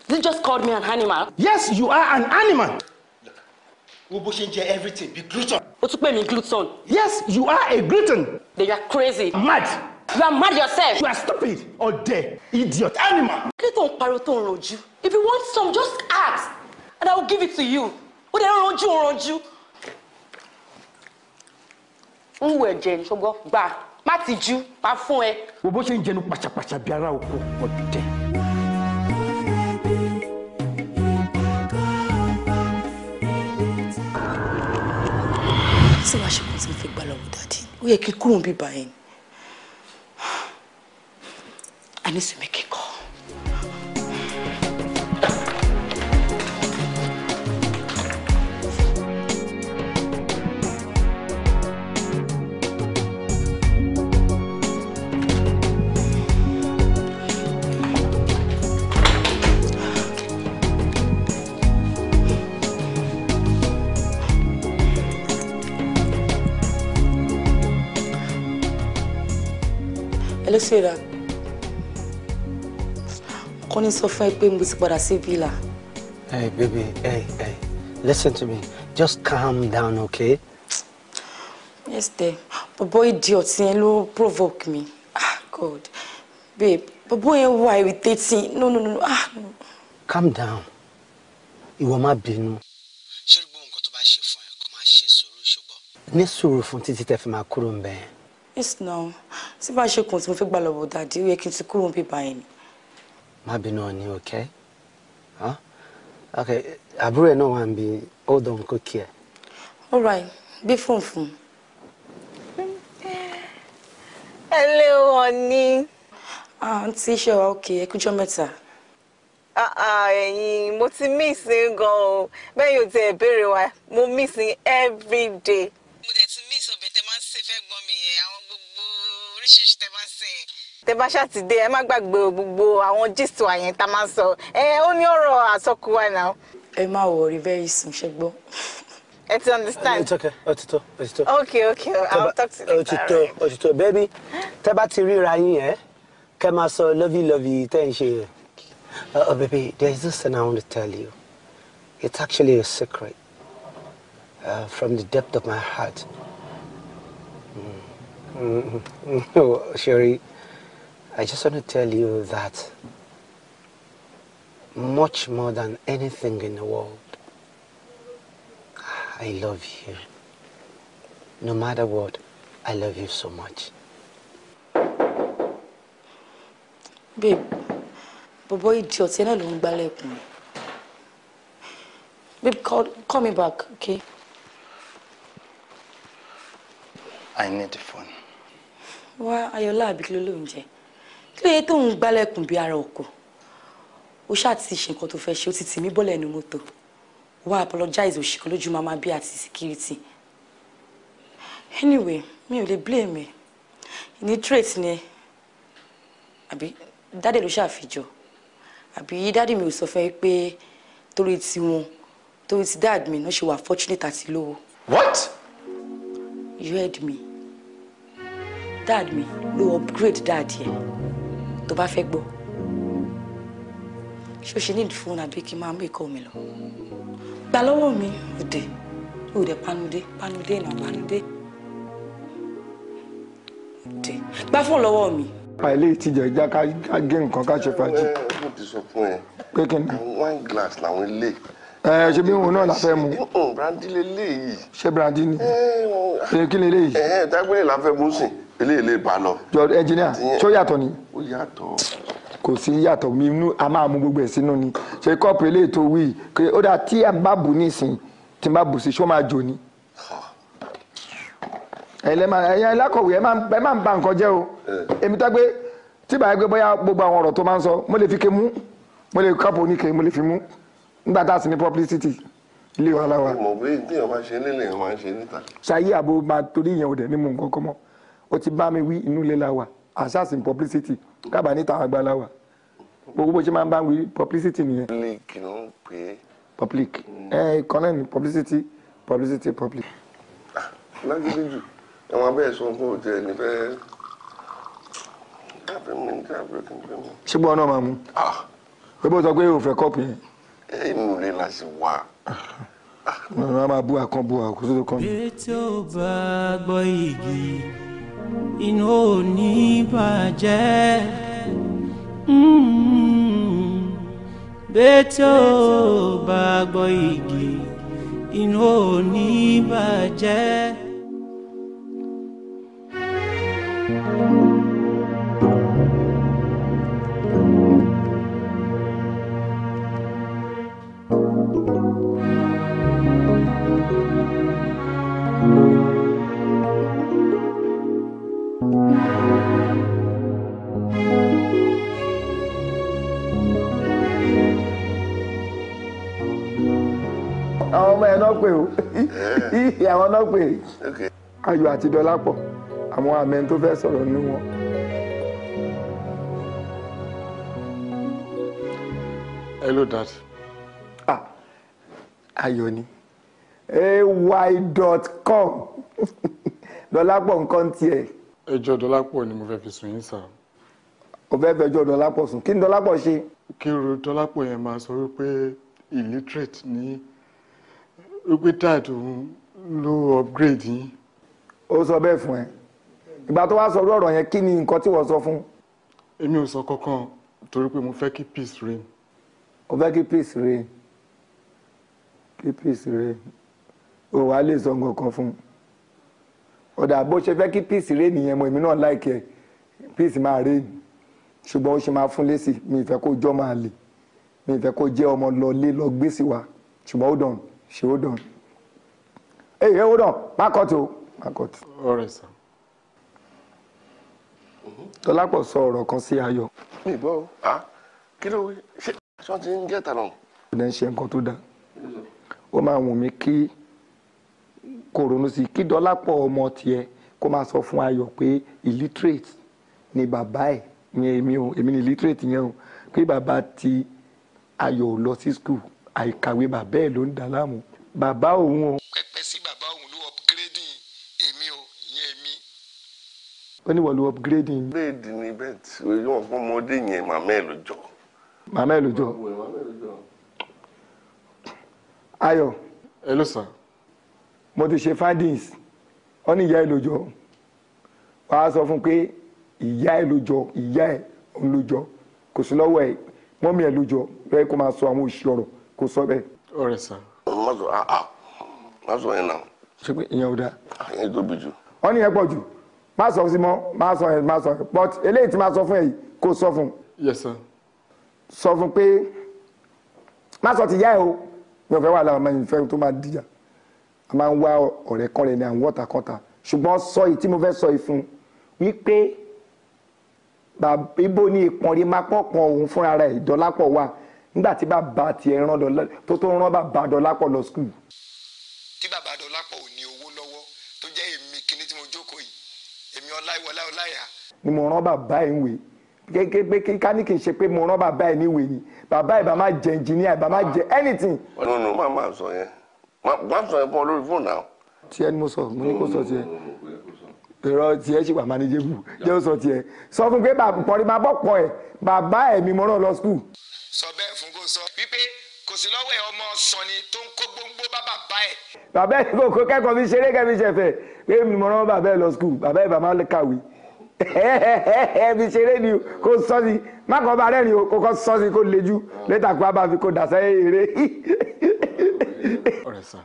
You just called me an animal. Yes, you are an animal. Look, bó change everything be gluten. O tún pè mí gluten. Yes, you are a gluten. Then you are crazy. Mad. You are mad yourself. You are stupid or dead idiot animal. Kí tó ń pariwo If you want some, just ask and I will give it to you. Ó dẹ̀ ń rojú ń rojú. Ń wẹ̀ jẹ ní ṣọgbọ́n gbà má ti jú má fún ẹ. Wo bó ṣe ń jẹnu pàṣàpàṣà bí ara òkú ọ̀dẹ̀. sì wá ṣùgbọ́n tí mo gbà lọ́wọ́ dáàdì ó yẹ kí kúrò ń bíbá yẹn ni i need to make Sarah mo kọ́ ní sọ fún ẹ pé mo ti padà sí villa. hey baby hey hey listen to me just calm down okay. yes de bọ̀bọ̀ idiot yẹn ló provoke me ah god babe bọ̀bọ̀ yẹn wà irritating no no no ah. calm down ìwọ má bínú. ṣé gbogbo nǹkan tó bá ṣe fún ẹ kó má ṣe sùúrù ṣùgbọ́n. ní sùúrù fún títí tẹ fi máa kúrò ń bẹ́ẹ̀ yes now tí bá ṣe kùn tí mo fi gbà lọ́wọ́ dàdí ó yẹ kí n ti kúrò níbi báyìí ni. má no ọ ní òkè ok àbúrò ẹ náà wà ń bi hold all right Be fóònù fún Hello, honey. lé wọn ní. okay. iṣẹ́ wa òkè ẹ kújọ́ mẹ́ta. Ah, ah, ẹ̀yin mo ti miss yín gan-an o bẹ́ẹ̀ yóò ti ẹ̀ wa mo miss every day. mo dẹ̀ miss ọbẹ̀ tẹ́ máa ń ṣe fẹ́ gbọ́n mi oríṣiríṣi tẹ máa ń sìn tẹ bá ṣáà ti dé ẹ má gbàgbé gbogbo àwọn gist wa yẹn tá a máa sọ ẹ ó ní ọ̀rọ̀ àsọkù wa náà. ẹ má worry very soon ṣe gbọ́. ẹ ti understand. ọtí tọ́ ọtí tọ́ ọtí tọ́. ok ok i will talk to you later. ọtí tọ́ ọtí tọ́ bẹ́ẹ̀bi tẹ bá ti ríra yín yẹn kẹ máa sọ lọ́vì lọ́vì tẹ́ ń ṣe yẹn. Uh, oh baby there is this thing i want to tell you it's actually a secret uh, from the depth of my heart. no, mm-hmm. oh, Sherry, I just want to tell you that much more than anything in the world, I love you. No matter what, I love you so much. Babe, boy, idiot, you're not Babe, call, call me back, okay? I need the phone. wá ayọ̀lá àbí kí ló lóun jẹ kí ló yẹ tóun gbálẹ̀kùn bí ara òkò ó ṣáà ti ṣe nǹkan tó fẹ́ ṣe ó ti tì mí bọ́lẹ̀ ẹnu mọ́tò wá apologize òṣìkan lójú mama bí àti security anyway mi ò lè blame ẹ ní trait ni ẹ àbí dáde ló ṣàfijọ àbí dáde mi ò sọ fẹ́ pé torí tiwọn torí ti dad mi náà ṣe wà fortunate àti lówó. what. you heard me dad mi ló upgrade dad yẹn tó bá fẹ́ gbọ́ ṣé o ṣe need phone. àbí kí n máa mú ìkọ́ mi lọ gbà lọ́wọ́ mi òde òde panudé panudé náà panudé òde gbà fún lọ́wọ́ mi. pa ilé ìtìjọ ìjà ká gé nǹkan ká ṣe fàájì. mo ti sọ fún ẹ pé kí ni. wine glass làwọn ilé ẹ ṣe bí òun náà la fẹ́ mu. brandy lè léyìí. ṣé brandy ni. ṣé kí lè léyìí. ẹ ẹ dágbére la fẹ́ mú sìn eléyìí lè bá lọ. jọ ẹnjìníà ṣó yàtọ̀ ni. ó yàtọ̀. kò sí yàtọ̀ mi inú a máa mú gbogbo ẹ̀ sínú ni ṣe kọ́ọ̀pù eléyìí tó wí pé ó dáa tí a bá bù ní ìsìn tí a bá bù sí ṣó máa jò ni. Ah. ẹ̀yin alákọ̀wé ẹ máa ń ba nǹkan jẹ́ o eh. èmi tá gbé tí bàá gbé bóyá gbogbo àwọn ọ̀rọ̀ tó máa ń sọ mo lè fi ké mú mo lè kọ́ọ̀pù oníke mo lè fi mú nígbà tá a sì ní publicity ilé wa láwa. mo bí ìdí ọ̀ máa ṣe nílé ọ̀ máa ṣe níta. ṣayé àbò máa torí ìyẹn ò dẹ̀ ní mú nǹkan kọ́ mọ́ ó ti bá mi wí inú ilé la wà in publicity kábà níta àgbà la gbogbo bó ṣe máa ń bá wí publicity nìyẹn. public ló ń pè é. public mm. kan náà ni publicity publicity public. lágídí jù ẹ̀wọ̀n abẹ́ ẹ̀sùn fún òjò ẹ̀ nífẹ̀ẹ́ ṣùgbọ́n ọ̀nà máa mú ah. pé bó sọ pé o kọ́ọ̀pù yẹn. inú ilé la sì wà. wọn ah. máa bú àkànbù àkóso kan. bí tí ó bá gbọ́ igi inú ò ní bàjẹ́ mm-hmm. bẹ́tẹ̀ ò bá gbọ́ igi inú ò ní bàjẹ́. náà pè ó eh. ìhì àwọn náà pè é ayọ̀ àti dọlápọ̀ àwọn àmẹ́ni tó fẹ́ sọ̀rọ̀ nínú wọn. hello dad. ah ayọ̀ ni ay.com dọlápọ̀ nǹkan tiẹ̀. ẹjọ́ dọlápọ̀ ni mo fẹ́ fi sùn yín sá. o fẹ́ fẹjọ́ dọlápọ̀ sùn kí ni dọlápọ̀ ṣe. kí ro dọlápọ̀ yẹn máa sọ wípé illiterate ni. Ni wípé táì tó ló upgrade yín. ó sọ bẹ́ẹ̀ fún ẹ ìgbà tó wá sọ ọ̀rọ̀ yẹn kí ni nǹkan tí wọ́n sọ fún. èmi ò sọ kankan torí pé mo fẹ́ kí peace reign. mo fẹ́ kí peace reign kí peace reign o wàá lè sọ nǹkan kan fún un ọ̀dà bó ṣe fẹ́ kí peace reign nìyẹn mo èmi náà láìkẹ́ peace máa reign ṣùgbọ́n ó ṣe máa fún lésì mi ìfẹ́ kó jọ́ máa lè mi ìfẹ́ kó jẹ́ ọmọ lọ lé lọ gbèsè wa ṣùgbọ́n ó dọ̀rùn ṣe ó dàn èyí ó dàn pákọ̀tì o pákọ̀tì. ọ̀rẹ́ sàn. Tọ́lápọ̀ sọ ọ̀rọ̀ kan sí Ayọ̀. mi gbọ́ o ah, kí ló wí ṣé aṣọ ti ń gẹ́ta náà. kò dẹ̀ ń ṣe nǹkan tó dáa ó máa wù mí kí kò ronú sí i kí Dọ́lápọ̀ ọmọ tiẹ̀ kó máa sọ fún Ayọ̀ pé illiterate ni bàbá ẹ̀ yẹn èmi ò èmi ni illiterate yẹn o pé bàbá ti Ayọ̀ lọ sí school àìkàwé bàbá ẹ̀ ló ń dà láàmú bàbá òun o. pẹpẹ sí bàbá òun ló upgrade èmi o ìyẹn èmi. ó ní wọ́n ló upgrade yìí. bẹ́ẹ̀dì ni bẹ́ẹ̀ tí ojú ọ̀pọ̀ ọmọdé yẹn màmá ẹ̀ ló jọ. màmá ẹ̀ ló jọ. ayọ̀. ẹ ló sàn. mo ti ṣe findings ó ní ìyá ẹ̀ ló jọ wàá sọ fún pé ìyá ẹ̀ ló jọ ìyá ẹ̀ òun ló jọ kò sí lọ́wọ́ ẹ̀ mọ́mí ẹ̀ ló jọ lọ́yẹ̀ kó máa sọ àwọn òṣì ọ̀rọ̀ kò sọ bẹ́ẹ̀. ọ̀rẹ́ sà. má sọ àà ah, ah, má sọ yẹn náà. ṣé pé ìyẹn ò dáa. àyẹn ah, tóbi jù. wọ́n ní yẹn pọ̀ jù má sọ sí mọ́ má sọ yẹn má sọ yẹn but eléyìí tí má sọ fún ẹ yìí kò sọ fún. yes sir. sọ fún pé má sọ ti yá ẹ o mi ò fẹ́ wà láwọn ọmọ yìí fẹ́ tó máa dìjà a máa ń wá ọ̀rẹ́ kan rẹ̀ ní àwọn wọ́takọ́ta ṣùgbọ́n sọ yìí tí mo fẹ́ sọ yìí fún wípé ibo ni ìpọ̀nrín máa pọ̀ pọ̀ òun fúnra rẹ̀ ìdọ́lápọ̀ wà nígbà tí bàbá tiẹ̀ rán dọ́là tó tó rán bàbá dọ́là pọ̀ lọ skul. tí bàbá dọ́là pọ̀ ò ní owó lọ́wọ́ tó jẹ́ èmi kinní tí mo jókòó yìí èmi ọláìwọlá ọláìyá. ni mo rán bàbá ẹ̀ ń wèé gẹ́gẹ́ pé ká ní kì í ṣe pé mo rán bàbá ẹ̀ níwèé yìí bàbá ẹ̀ bá má jẹ engineer ẹ̀ bá má jẹ anything. no no má má sọ yẹn má sọ yẹn fún ọ lórí fóònù náà. tiẹ̀ ni mo sọ mo ní kó sọ tiẹ̀ ìrọ tiẹ̀ ṣì wà manageable jẹ́ o sọ tiẹ̀ sọ fún pé pọ̀rí máa bọ̀ pọ̀ ẹ̀ bàbá ẹ̀ mi mọ́ràn lọ skul. sọ bẹ́ẹ̀ fún kò sọ wípé kò sí lọ́wọ́ ẹ̀ ọmọ sọ̀ni tó ń kó gbóngbó bá bàbá ẹ̀. bàbá ẹ̀ kò kó kẹ́kọ̀ọ́ fi ṣeré kẹ́mi ṣẹ̀fẹ̀ pé mi mọ́ràn bàbá ẹ̀ lọ skul bàbá ẹ̀ bàbá ẹ̀ kàwé ẹbí ṣeré ni kò sọ sí má kọ́ bá rẹ́rìn o kò kọ́ sọ sí kò lejú létà kó a bá fi kó dàsẹ́ eré. ọ̀rẹ́ sá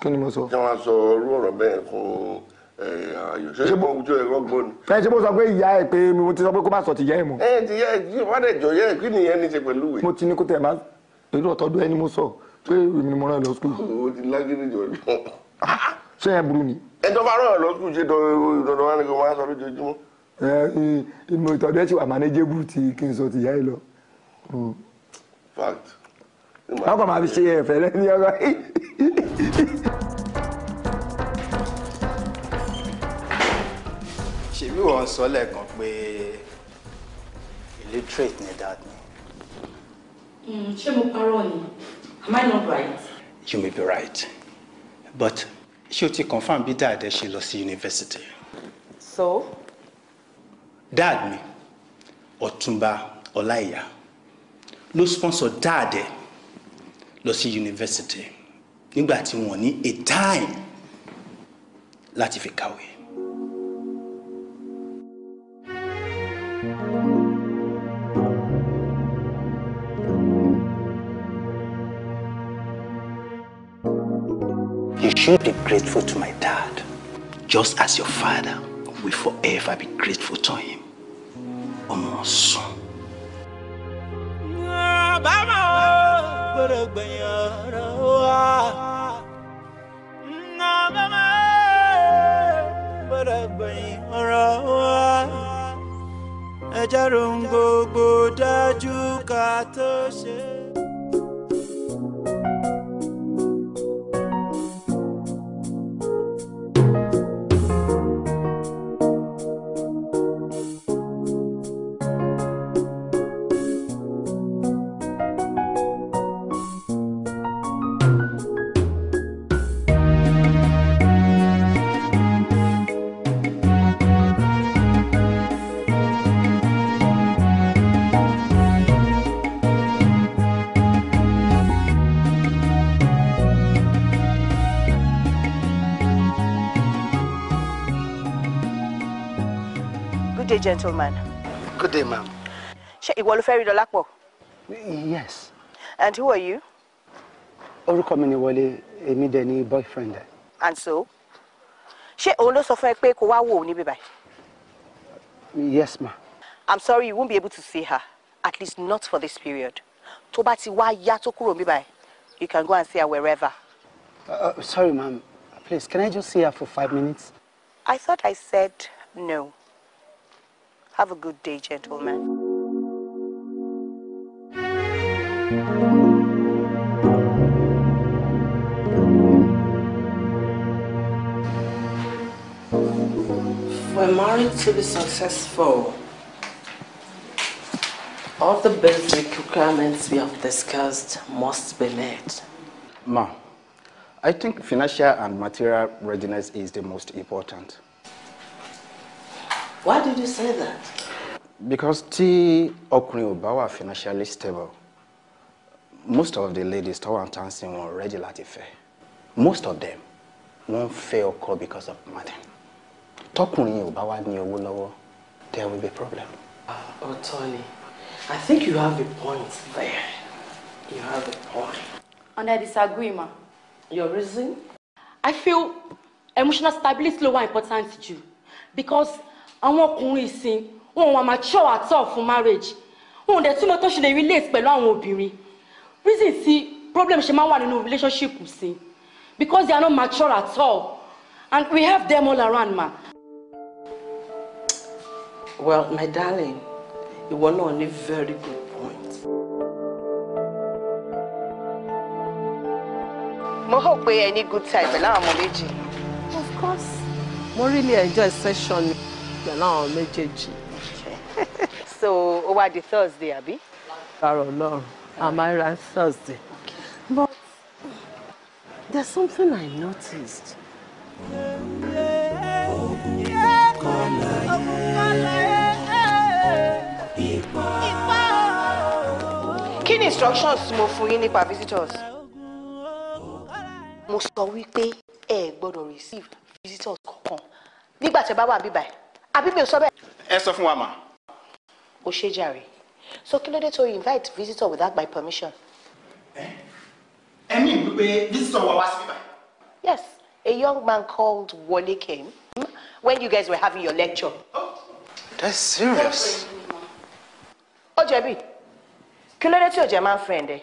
kí ni mo sọ. kí wọ́n sọ orú ọ̀rọ̀ bẹ́ẹ̀ fún ayọ̀ ṣé mo jọ ẹ̀rọ gbọ́n ni. ẹ ṣe mo sọ pé ìyá ẹ pé mo ti sọ pé kó má sọ tìyá ẹ mọ́. ẹ ti yẹ ẹ wá dẹ̀ jọ yẹ kí ni ẹni ṣe pẹ̀lú wẹ̀. mo ti ní kó tẹ̀ má irú ọ̀tọ́dún ẹni mo sọ pé èmi ni mo rán ẹ lọ skul. o ti lágídí jọ lọ. ṣé ẹ burú ni. ẹ tó bá rán ẹ lọ skul ṣe dandan wá ní kí wọ́n á sọ lójoojúmọ́. ẹ ìmọ̀ ìtọ́jú wọn kàn máa fi ṣe ẹ̀fẹ̀ lẹ́ni ọkọ. ṣèbí wọn sọ lẹ́ẹ̀kan pé illiterate ni dad ni. Hmm, ṣé mo parọ́ ni am I not right. you may be right but ṣé o ti confam bí dad ẹ ṣe lọ sí yunifásitì. so. dad mi ọ̀túnba ọláìyá ló sponsor dad ẹ lọ sí yunifásitì nígbà tí wọ́n ní a time láti fi kàwé. You should be grateful to my dad, just as your father will forever be grateful to him. Ọmọ Ọ̀ṣun. Bàbá o ẹ jẹ́ ronú gbogbo dájú ká tó ṣe. gentleman. Good day, ma'am. Ṣé ìwọ ló fẹ́ rí Dọlápọ̀? Yes. And who are you? Orúkọ mi ni Wọlé, èmi dẹ̀ ni boyfriend ẹ̀. And so? Ṣé òun ló sọ fún ẹ pé kó wá wò ó níbí báyìí? Yes, ma. I'm sorry you won't be able to see her, at least not for this period. Tó bá ti wá yá tó kúrò níbí báyìí, you can go and see her wherever. Uh, uh sorry, ma'am. Please, can I just see her for five minutes? I thought I said no. Have a good day, gentlemen. We're married to be successful. All the basic requirements we have discussed must be met. Ma, I think financial and material readiness is the most important. Why did you say that? Because tí ọkùnrin ò bá wà financially stable, most of the ladies tó wà ń tán sí wọn ready láti fẹ́. Most of them wọ́n fẹ́ ọkọ because of money. Tọkùnrin ò bá wà ní owó lọ́wọ́, there will be problem. Uh, Otoni, I think you have a point there. You have a point. And I disagree, ma. Your reason? I feel emotional stability is lower important to you because àwọn ọkùnrin ìsìn wọn wà mature at all fún marriage wọn ò dẹ̀ túmọ̀ tó ṣe lè relate pẹ̀lú àwọn obìnrin reason tí problem ṣe máa wà nínú relationship sí because they are not mature at all and we have them all around ma. well my darling ìwọ náà ní very good point. mo hope pé ẹ ní good time pẹ̀lú àwọn ọmọ méjì. of course mo really enjoy session pẹ̀lú àwọn méjèèjì. so ó wá di thursday àbí. lára ọlọ́run amira thursday. but there's something i noticed. kí ni instructions mo fún yín nípa visitors? mo sọ wípé ẹ gbọ́dọ̀ receive visitors kankan nígbà tí ẹ bá wà bíbáyìí àbí mi ò sọ bẹ́ẹ̀. ẹ sọ fún wa mà. o ṣe jàre so kí ló dé to invite visitor without my permission. ẹ mi ìlú pé visitor wa wá sí bíbá. yes a young man called Wole came when you guys were having your lecture. Oh, that's serious. ó jẹ̀bi kí ló dé tí ò jẹ́ man friend ẹ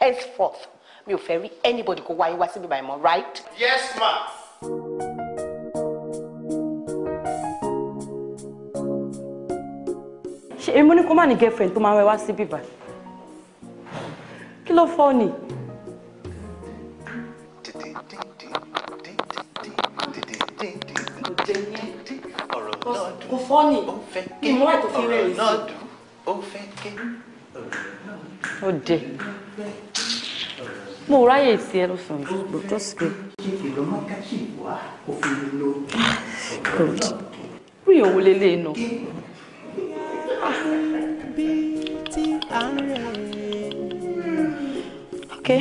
henceforth mi ò fẹ́ rí anybody kó wáyé wá sí bíbá ẹ mọ́ right. yes ma. ṣe èmi ní kó má ní girlfriend tó máa ń sí bíbá kí ló fọ́ ni. ó dé mo ráyè sí ẹ lọ́sàn-án yìí tó sì pé. rí òun lélẹ́yìn náà. Okay.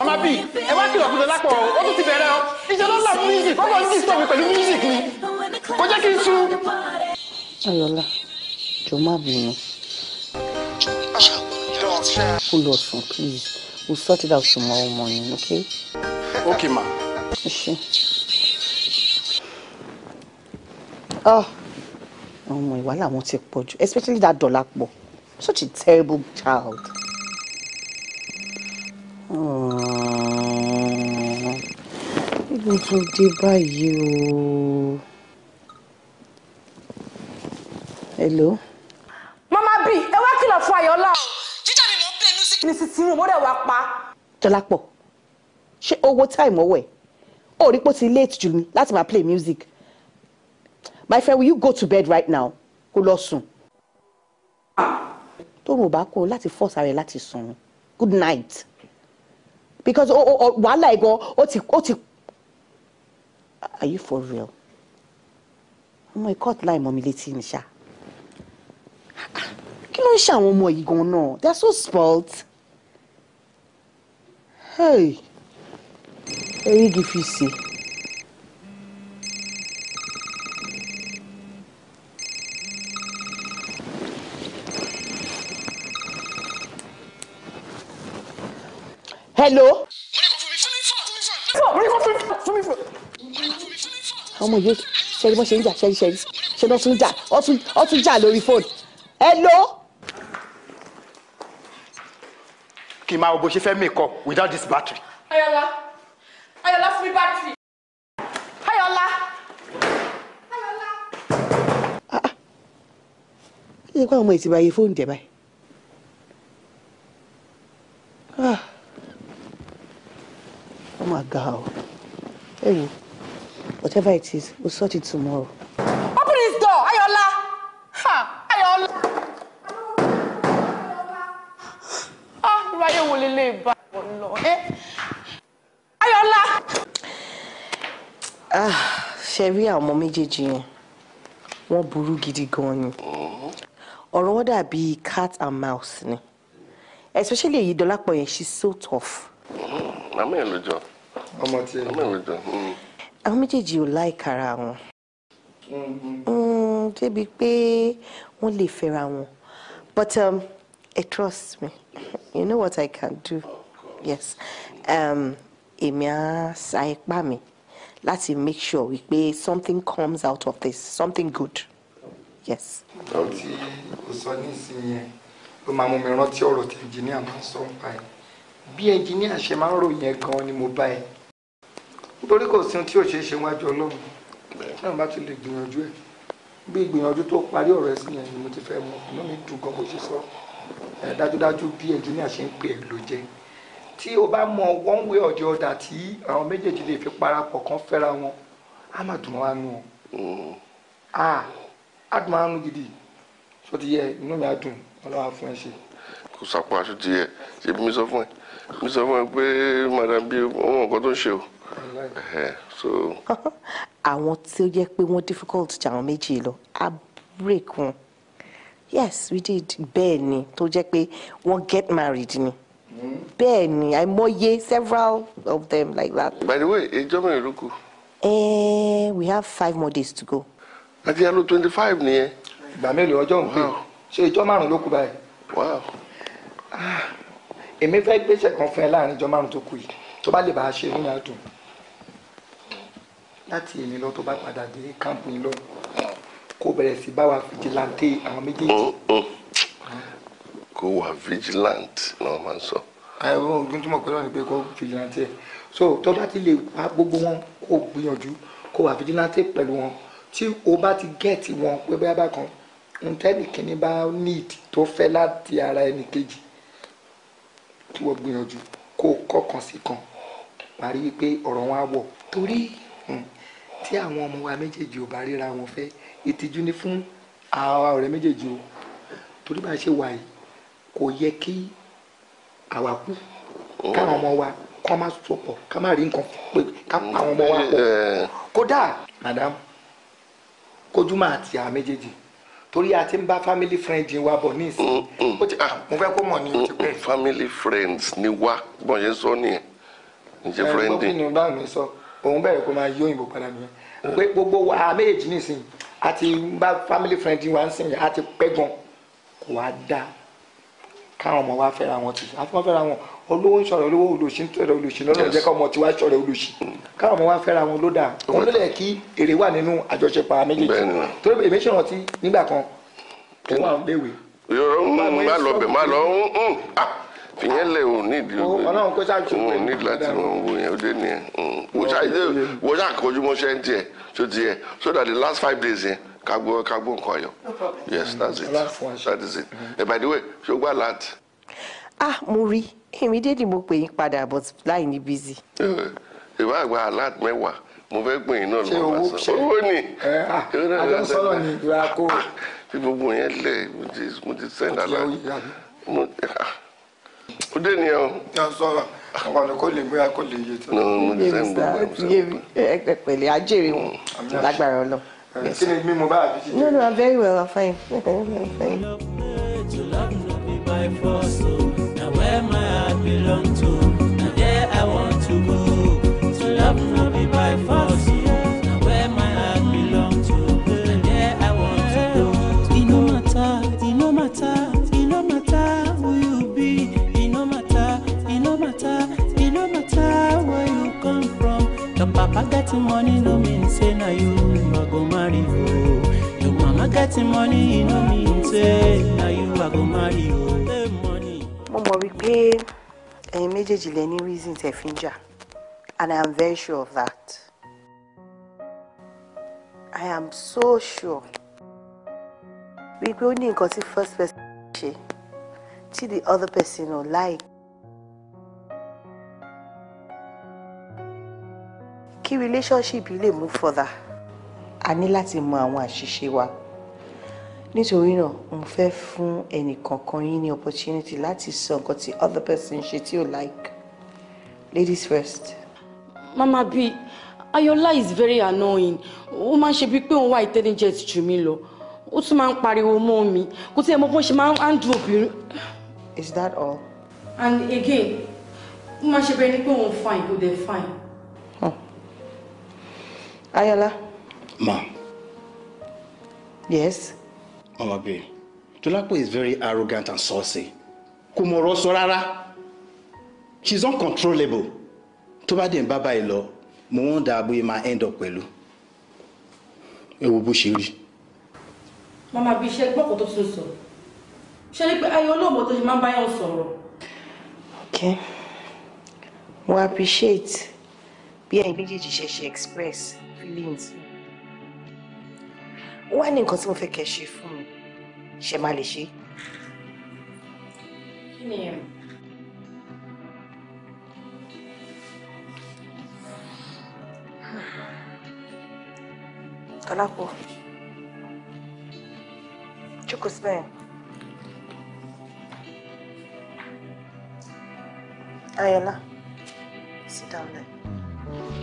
Mama B, ẹ wá kìlọ̀ fúnlẹ̀ lápọ̀ ó tún ti bẹ̀rẹ̀ ọ́. Iṣẹ́ ló là music, ó lọ ní disturb mi pẹ̀lú music ni. Kò jẹ́ kí n sú. Ayọ̀lá, jọ má bínú. Kó lọ sùn please, we'll sort it out tomorrow morning, okay? Okay ma. Ṣé. Oh, oh my! làwọn ti pọ̀ jù especially that Dọlápọ̀ such a terrible child. ibi ah, tó dé báyìí you. hello. mama b ẹ wá kìlọ̀ fún ayọ̀lá o jíjà mi mò ń pè music ní sísìn rò mo dẹ̀ wá pa. Dọlápọ̀ she owó time ọwọ́ ẹ̀ ó rí pé ó ti late jù mí láti máa play music my friend will you go to bed right now kó lọ sùn ah. tóun ò bá kó o láti force ara rẹ láti sùn good night because wàhálà ẹ̀ gan ó ti ó ti are you for real ọmọ ikọ̀ ọ̀tún láì mọ́ mi létí ni ṣá kí ló ń ṣe àwọn ọmọ yìí gan náà they are so spoilt hey erigi fi si. hello. ọmọ yìí ṣẹ́ni bọ́ ṣe ń jà ṣẹ́ni ṣẹ́ni ṣe lọ́ tún jà ọ́ tún jà lórí fóònù hello. kì í máa wo bó ṣe fẹ́ mi kọ without this battery. ayọ̀lá ayọ̀lá fún mi battery. ayọ̀lá ayọ̀lá. Ah, ah. ṣé kí àwọn ọmọ ìtìbáyé fóònù jẹ báyìí. Ah mà ga o whatever it is we'll sort it tomorrow. open this door ayọ̀lá ayọ̀lá ah irú ayé wo lélẹ̀ ìbá wọn lọ ẹ eh? ayọ̀lá. Ah, ṣe rí àwọn ọmọ méjèèjì yẹn wọ́n burú gidi gan ni ọ̀rọ̀ wọn cat and mouse ne? especially èyí dọ́lápọ̀ yẹn she's so tough. Mm-hmm. màmá ẹ̀ ló jọ ọmọ tí ẹ ọmọ ìwẹjọ. Mm. àwọn méjèèjì ò like ara wọn mm-hmm. mm, débi pé wọ́n lè fẹ́ra wọn but um, eh, trust me you know what I can do yes um, èmi á sa ipá mi láti make sure wípé something comes out of this something good yes. ọtí o sọ ní ìsinyìí yẹn ló máa mú mi rántí ọ̀rọ̀ tí ẹnjìníà máa ń sọ ń pa ẹ bí ẹnjìníà ṣe máa ń ròyìn ẹ gan-an ni mo bá ẹ nítorí kò sí ohun tí ò ṣeé ṣe wájú ọlọ́run náà bá ti lè gbìyànjú ẹ̀ bí ìgbìyànjú tó parí ọ̀rọ̀ ẹ sí yẹn ni mo ti fẹ́ mọ inú mi dùn gan bó ṣe sọ dájúdájú bí ẹnjìníà ṣe ń pè é ló jẹ tí o bá mọ one way or the other tí àwọn méjèèjì lè fi parapọ̀ kan fẹ́ra wọn á má dùn wá nù ọ́ mm. ah, á dùn wá nù gidi ṣó ti yẹ inú mi á dùn ọlọ́wà fún ẹ ṣe. kò sàpọ̀ aṣọ ti ṣe bí sọ fún ẹ mi sọ fún ẹ pé madam bí wọn mọ nǹkan tó ń ṣe o. àwọn tí ó yẹ pé wọ́n difficult ju àwọn méjì lọ á break wọn yes we did bẹ́ẹ̀ ni tó jẹ́ pé wọ́n get married ni bẹ́ẹ̀ ni àìmọye several of them like that. by the way ìjọ mẹ́rin ló kù. we have five more days to go. àti àlọ́ twenty five nìyẹn. ìgbà mélòó ọjọ́ ń pè ṣé ìjọ márùn ló kù báyìí. wow. Ah, èmi fẹ́ gbéṣẹ́ kan fún ẹ láàrin ìjọ márùn tó kù yìí tó bá lè bá a ṣe nínú àdùn láti èmi lọ tó bá padà dé káàmpù yín lọ kó bẹ̀rẹ̀ sí bá wa fìjìláńtì àwọn méjèèjì. Oh, oh. kó wà vigilant ni wọ́n máa ń sọ. àwọn ogun tí mo pẹ́ lọ́nà pé kó fìjìláńtì ẹ̀ so tó bá ti lè pa gbogbo wọn kó gbìyànjú kó wà fìjìláńtì pẹ̀lú wọn tí o bá ti gẹ̀ẹ́tì wọn pé bóyá bá kan ntẹ́nì kìíní bá need tó fẹ́ láti ara ẹnì kejì kí wọ́n gbìyànjú kó kọ́kàn sí kan parí wípé ọ̀rọ̀ wọn á wọ̀ torí tí àwọn ọmọ wa méjèèjì ò bá ríra wọn fẹ́ ìtìjú ni fún àwa ọ̀rẹ́ méjèèjì o torí bá a ṣe wà yìí kò yẹ kí àwa kú káwọn ọmọ wa kọ́ máa sopọ̀ ká má rí nǹkan pé ká àwọn ọmọ wa pọ̀ kódà madam kojú máa ti àwọn méjèèjì torí a ti ń bá family friends wa bọ̀ ní ìsìn ah, mo fẹ́ kó mọ̀ ní ti pẹ́. family friends ni wá bọ̀ yẹn sọ nìyẹn ǹjẹ́ friend. ẹ gbọ́dọ̀ nínú báwọn mi sọ. So òun bẹ̀rẹ̀ kó máa yí òyìnbó padà nìyẹn pé gbogbo wa méjèèjì nìsín àti bá family friend wa ń sìn yẹn àti pẹ́ gan kò wá dá káwọn ọmọ wa fẹ́ra wọn ti àfi wọn fẹ́ra wọn olówó ń sọ̀rọ̀ olówó olùsí ń sọ̀rọ̀ olùsí lọ́nà jẹ́ káwọn ọmọ tiwa sọ̀rọ̀ olùsí káwọn ọmọ wa fẹ́ra wọn ló dà wọn ló lẹ̀ kí èrè wà nínú àjọṣepọ̀ àwọn méjèèjì torí èmi ṣèrántí nígbà kan òun àwọn léwe. yorùbá má lọ bẹ̀ má lọ ń ìyẹn lè òun nídìí òun Ọlọ́run kó ṣáàjú òun nídìí láti ràn wò yẹn ó dé nìyẹn mm. wò ṣáàjú wò ṣàkójú mọ́ṣẹ́ ń tiẹ̀ tó tiẹ̀ so that the last five days yẹn ká gbọ́ ká gbọ́ nǹkan ayọ̀ yes that's it that is it and by the way ṣó gbà láti. ah mo rí èmi dédì mo pè yín padà but láì ní bízì. ìwà àgbà alert mẹ́wàá mo fẹ́ pè yín náà lọ́wọ́ sọ owó ni. àjọsọ́rọ̀ eh, ah, ni ìwà kó. bí gbogbo yẹn lẹ̀ mo ti send alert ó dé nìyẹn o. yà sọ̀rọ̀ àwọn àna kò lè múra kò lè yé tó. ẹ pẹ̀lẹ́ ajẹ́rì wọn lágbára ọlọ. kí ni mímu bá àbí jíjẹ. no no i'm very well i'm fine. I'm fine. Oh. now where my heart belong to. papa getting money no mean say na you I go marry you. Your mama getting money no mean say na you I go marry you. Mo mọ̀ wípé ẹ̀yin méjèèjì lẹ ní reason tẹ̀ fi ń jà and I am very sure of that. I am so sure wípé ó ní nǹkan tí first person ṣe tí the other person ò like. kí relationship yìí lè move further a ní láti mọ àwọn àṣìṣe wa nítorí náà mo fẹ́ fún ẹnìkọ̀ọ̀kan yín ní opportunity láti sọ nǹkan tí other person ṣe tí ò like ladies first. mama b ayola is very annoying ó máa ń ṣe bíi pé òun wá intelligent jù mí lọ ó tún máa ń pariwo mọ́ mi kò tí ẹ mọ bó ṣe máa ń dùn obìnrin. is that all. and again ó máa ń ṣe bẹ́ẹ̀ ni pé òun fine kò dẹ̀ fine. Ayala, Ma. Yes. Mama B, Tulapo is very arrogant and saucy. Kumoro sorara. sọ She is uncontrollable. Tó bá dé ń bá báyìí lọ, mo wọ́n dà bóyá máa end up pẹ̀lú. Ẹ wo bó ṣe rí. Mama bíi iṣẹ́ gbọ́kàn tó tún sọ. Ṣé ní pé ayé olóògbé tó ṣe máa ń báyọ̀ sọ̀rọ̀? Okay. Mo appreciate bí ẹ̀yin méjèèjì ṣe ṣe express lè ń sùn wá ní nǹkan tí mo fẹ́ kẹ́ ṣe fún mi ṣe máa lè ṣe. kí ni ẹ̀. Kọ́lápọ̀ sit down there.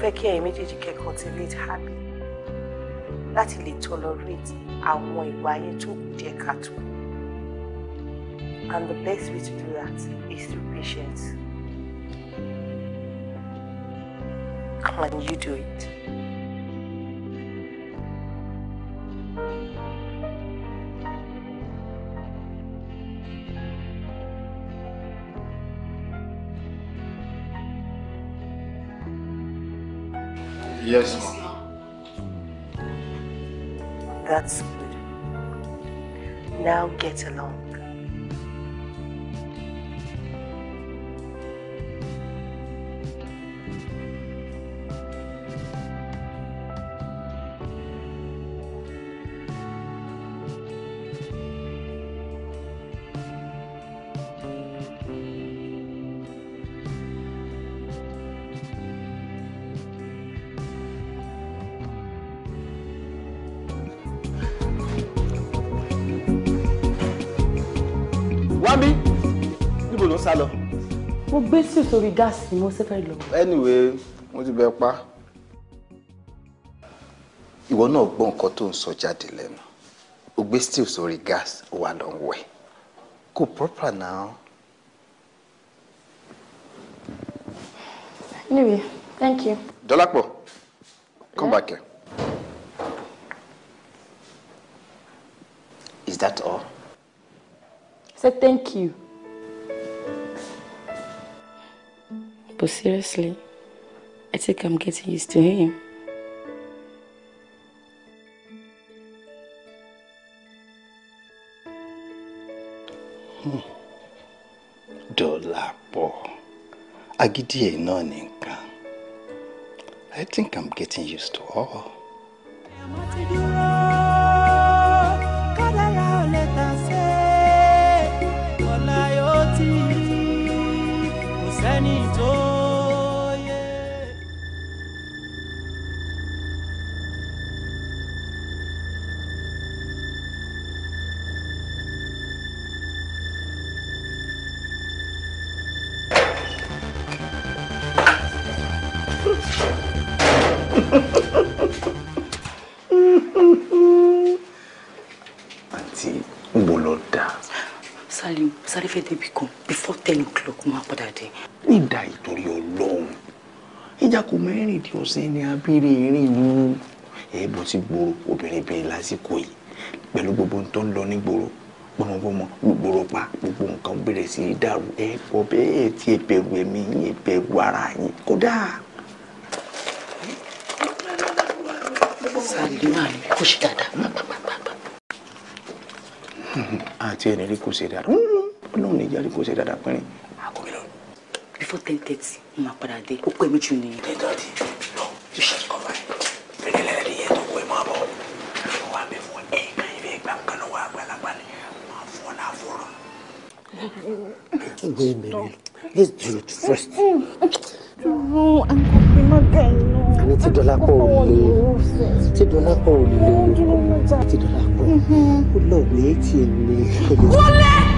fẹ́ kí ẹ̀yin méjèèjì kẹ́ cultivate habit láti lè tolerate àwọn ìwà ayé tó kù díẹ̀ káàtó and the best way to do that is through patience and you do it. Yes, ma'am. That's good. Now get along. sá lọ. mo gbé sí sórí gáàsì mo ṣe fẹ́ lọ. anyway mo ti bẹ pa. ìwọ náà gbọ́ nǹkan tó ń sọ jáde lẹ́nu o gbé steel sórí gáàsì ó wà lọ́n wẹ̀ kò proper now. anyway thank you. Dọ́lápọ̀ come back here. Is that all? I said thank you. But seriously, I think I'm getting used to him. Hmm. Dọ́lápọ̀, agídí ẹ̀ náà nìkan. I think I'm getting used to all. kí o ṣe ní abẹ́rẹ́ ìrìn mú ẹ̀bùn ti gbòòrò obìnrin bẹ́ẹ̀ lásìkò yìí pẹ̀lú gbogbo tó ń lọ ní gbòòrò gbọmọgbọmọ gbòòrò pa gbogbo nǹkan bẹ̀rẹ̀ sí í dàrú ẹ pọ̀ bẹ́ẹ̀ tí ẹ bẹ̀rù ẹ̀mí yín ẹ bẹ̀rù ara yín kódà. sàlẹ̀ máa ní kó ṣe dáadáa àti ẹni rí kó ṣe dáadáa mm, ọlọ́run ní ìjà rí kó ṣe dáadáa pẹ́rín. before ten thirty mo máa padà dé ó pẹ́ méjì nìyí. ten thirty you shall recover fèrè lẹ́rìí yẹn tó kó ẹ máa bọ̀ wọ́n wá bẹ fún ẹ kàn yín bẹ́ẹ̀ gbà ń kàn lọ́wọ́ àgbàlagbà ni máa fún ọ náà fún ọ. wait a minute let's do it first. dúró àǹkọ́ pé má gà yín lọ. àní tí Dọlápọ̀ ò lè tí Dọlápọ̀ ò lè tí Dọlápọ̀ ó lọ wéé tì mí. kúlẹ̀.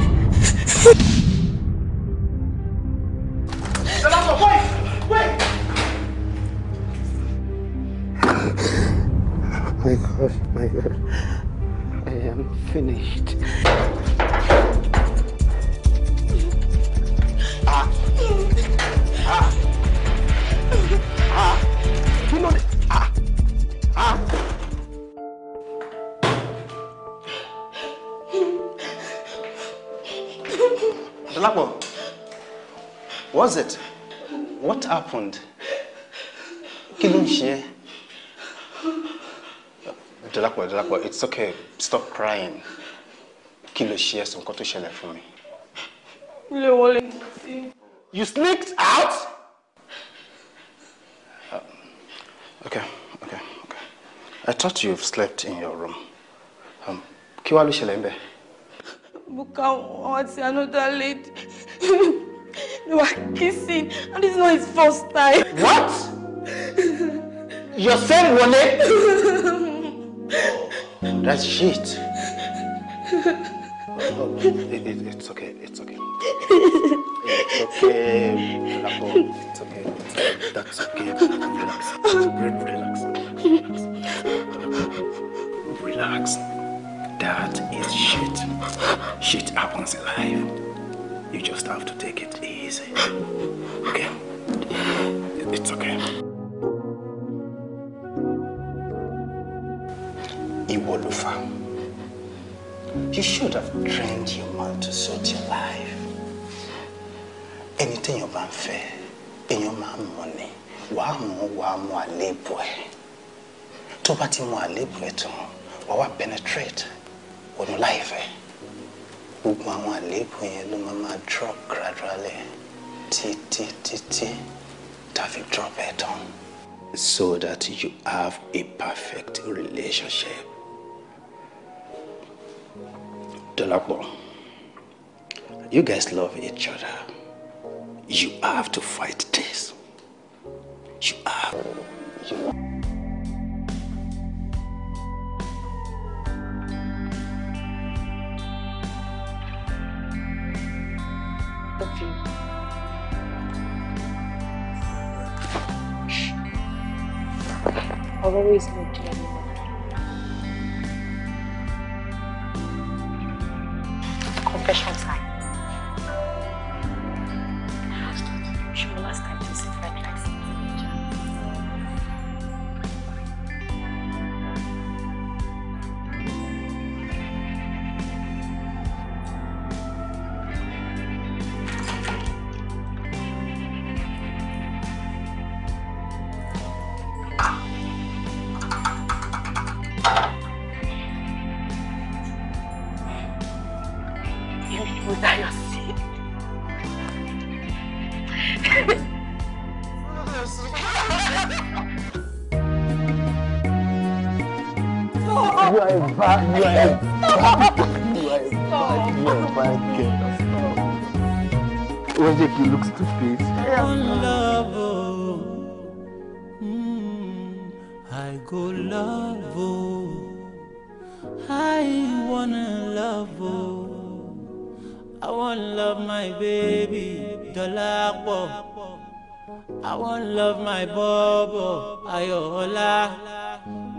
Kämpfe nicht. it's okay stop crying kí ló ṣe ẹ̀sùn kan tó ṣẹlẹ̀ fún mi. ilé wọlé mo ti. you sneaked out. Uh, okay okay okay I thought you've slept in your room um, kí wàá ló ṣẹlẹ̀ ń bẹ̀. Buka wants another lady. They were kissing, and this is not his first time. What? You're saying Wale? That's shit. Oh, it, it, it's okay, it's okay. It's okay, it's okay. It's okay. That's okay. Relax. Relax. Relax. Relax. That is shit. Shit happens in life. You just have to take it easy. Okay? It's okay. Iwo lufa. You should have trained your man to such a life. Anything téèyàn bá ń fẹ́, èèyàn máa ń mọ̀ ni, wàá mọ̀ wàá mọ̀ àléébù ẹ̀. Tó bá ti mọ àléébù ẹ̀ tán, wàá wá penetrate wọnú láìfẹ́. Gbogbo àwọn àléébù yẹn ló máa drop gradually títí títí tàfi drop it on So that you have a perfect relationship. Dolapo, you guys love each other. You have to fight this. You have. You I've always loved I won't love my bubble, ayola.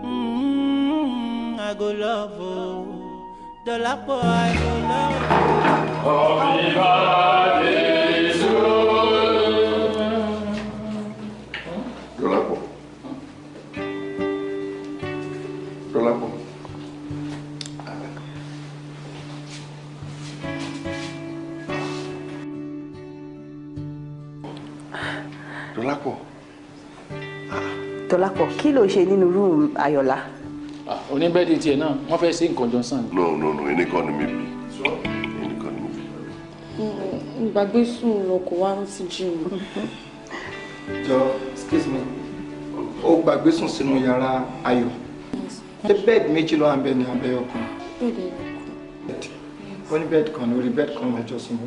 Mm, mm-hmm, I go love you, oh. Dọ̀lápọ̀ I go love o. Oh, Ọ̀bí Dọ́lápọ̀. Dọ́lápọ̀ ah. kí ló ṣe nínú rúùmù Ayọ̀lá? Ah, oníbẹ́ẹ̀dì tiẹ̀ náà, wọ́n fẹ́ ṣe nǹkan jọ̀sán. No no no, ẹni kan ni mi bí. Ẹni kan ni mo fi. Ìgbàgbé sùn lọ kò wá ń sí jí mi. Jọ, excuse me, ó gbàgbé sùn sínú yàrá Ayọ̀. Ṣé bẹ́ẹ̀dì méjì ló wà ń bẹ ní abẹ́ ọkùnrin? Bẹ́ẹ̀dì ọkùnrin. Ó ní bẹ́ẹ̀dì kan ní orí bẹ́ẹ̀dì kan lọ́jọ́ sùn.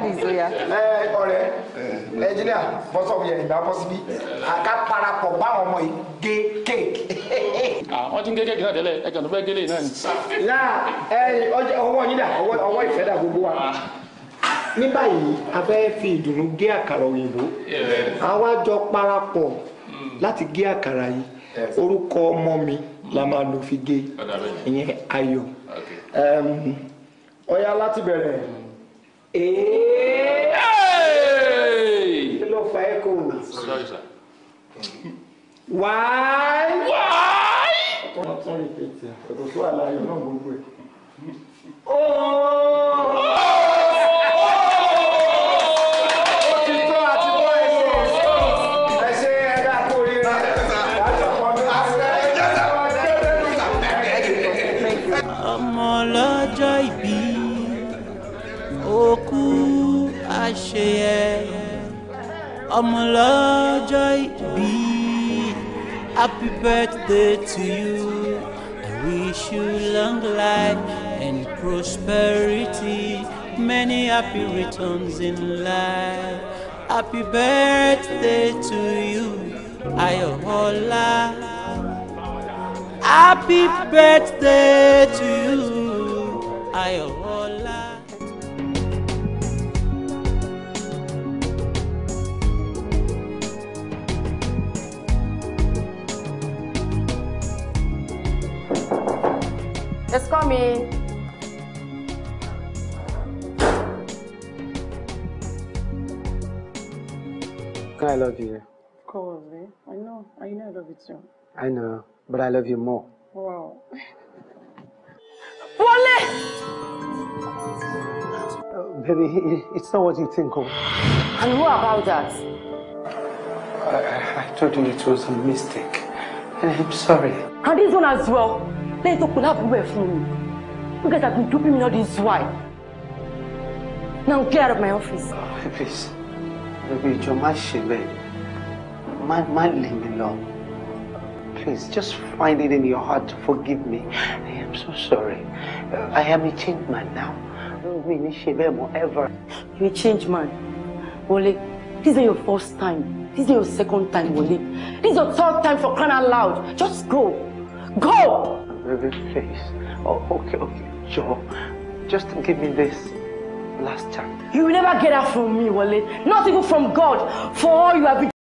dáàdì ìzóyà. ẹ ọ̀rẹ́ ẹnjìníà bọ́sọ̀bù yẹn ìgbà bọ́ síbí àká parapọ̀ báwọn ọmọ yìí gé kéèkì. Ah, wọ́n ti ń gé kéèkì náà tẹ́lẹ̀ ẹ̀kan tó fẹ́ gélé náà ni. yá ọwọ́ yín dà ọwọ́ ìfẹ́ dà gbogbo wa ah. ní báyìí a fi ìdùnnú gé àkàrà òyìnbó àwa jọ parapọ̀ hmm. láti gé àkàrà yìí orúkọ ọmọ mi la máa lò fi gé ìyẹn ayọ̀ ọ̀ya láti bẹ̀rẹ̀ kí Hello, fa Why? Why? nà. wáyé. wáyé. wọ́n tún rìpẹ̀tì ẹ̀kọ́ tó wà láàyò náà ṣe yẹ ọmọ lọ́jọ́ happy birthday to you I wish you long life and prosperity many happy returns in life happy birthday to you Ayọ̀ọ́lá happy birthday to you Ayọ̀ọ́lá. coming. I love you. Of course, eh? I know. I know I love you too. I know, but I love you more. Wow. Wale! Uh, baby, it's not what you think of. And who about that? I, I, I told you it was a mistake. I'm sorry. And this one as well. lẹ́yìn tó pinnu àbúrò ẹ̀ fún you guys have been duping me all this while now get out of my office. Ah, please, baby ìjọ má ṣe bẹ́ẹ̀ má má lè please just find it in your heart to forgive me i am so sorry uh, i am a changed man now mi ní ṣe bẹ́ẹ̀ ever. you a changed man Wole this is your first time this is your second time Wole this is your third time for crying out loud just go go revealed face. Oh, okay, okay, Joe. Just give me this last chance. You will never get that from me, Wale. Not even from God, for all you have been.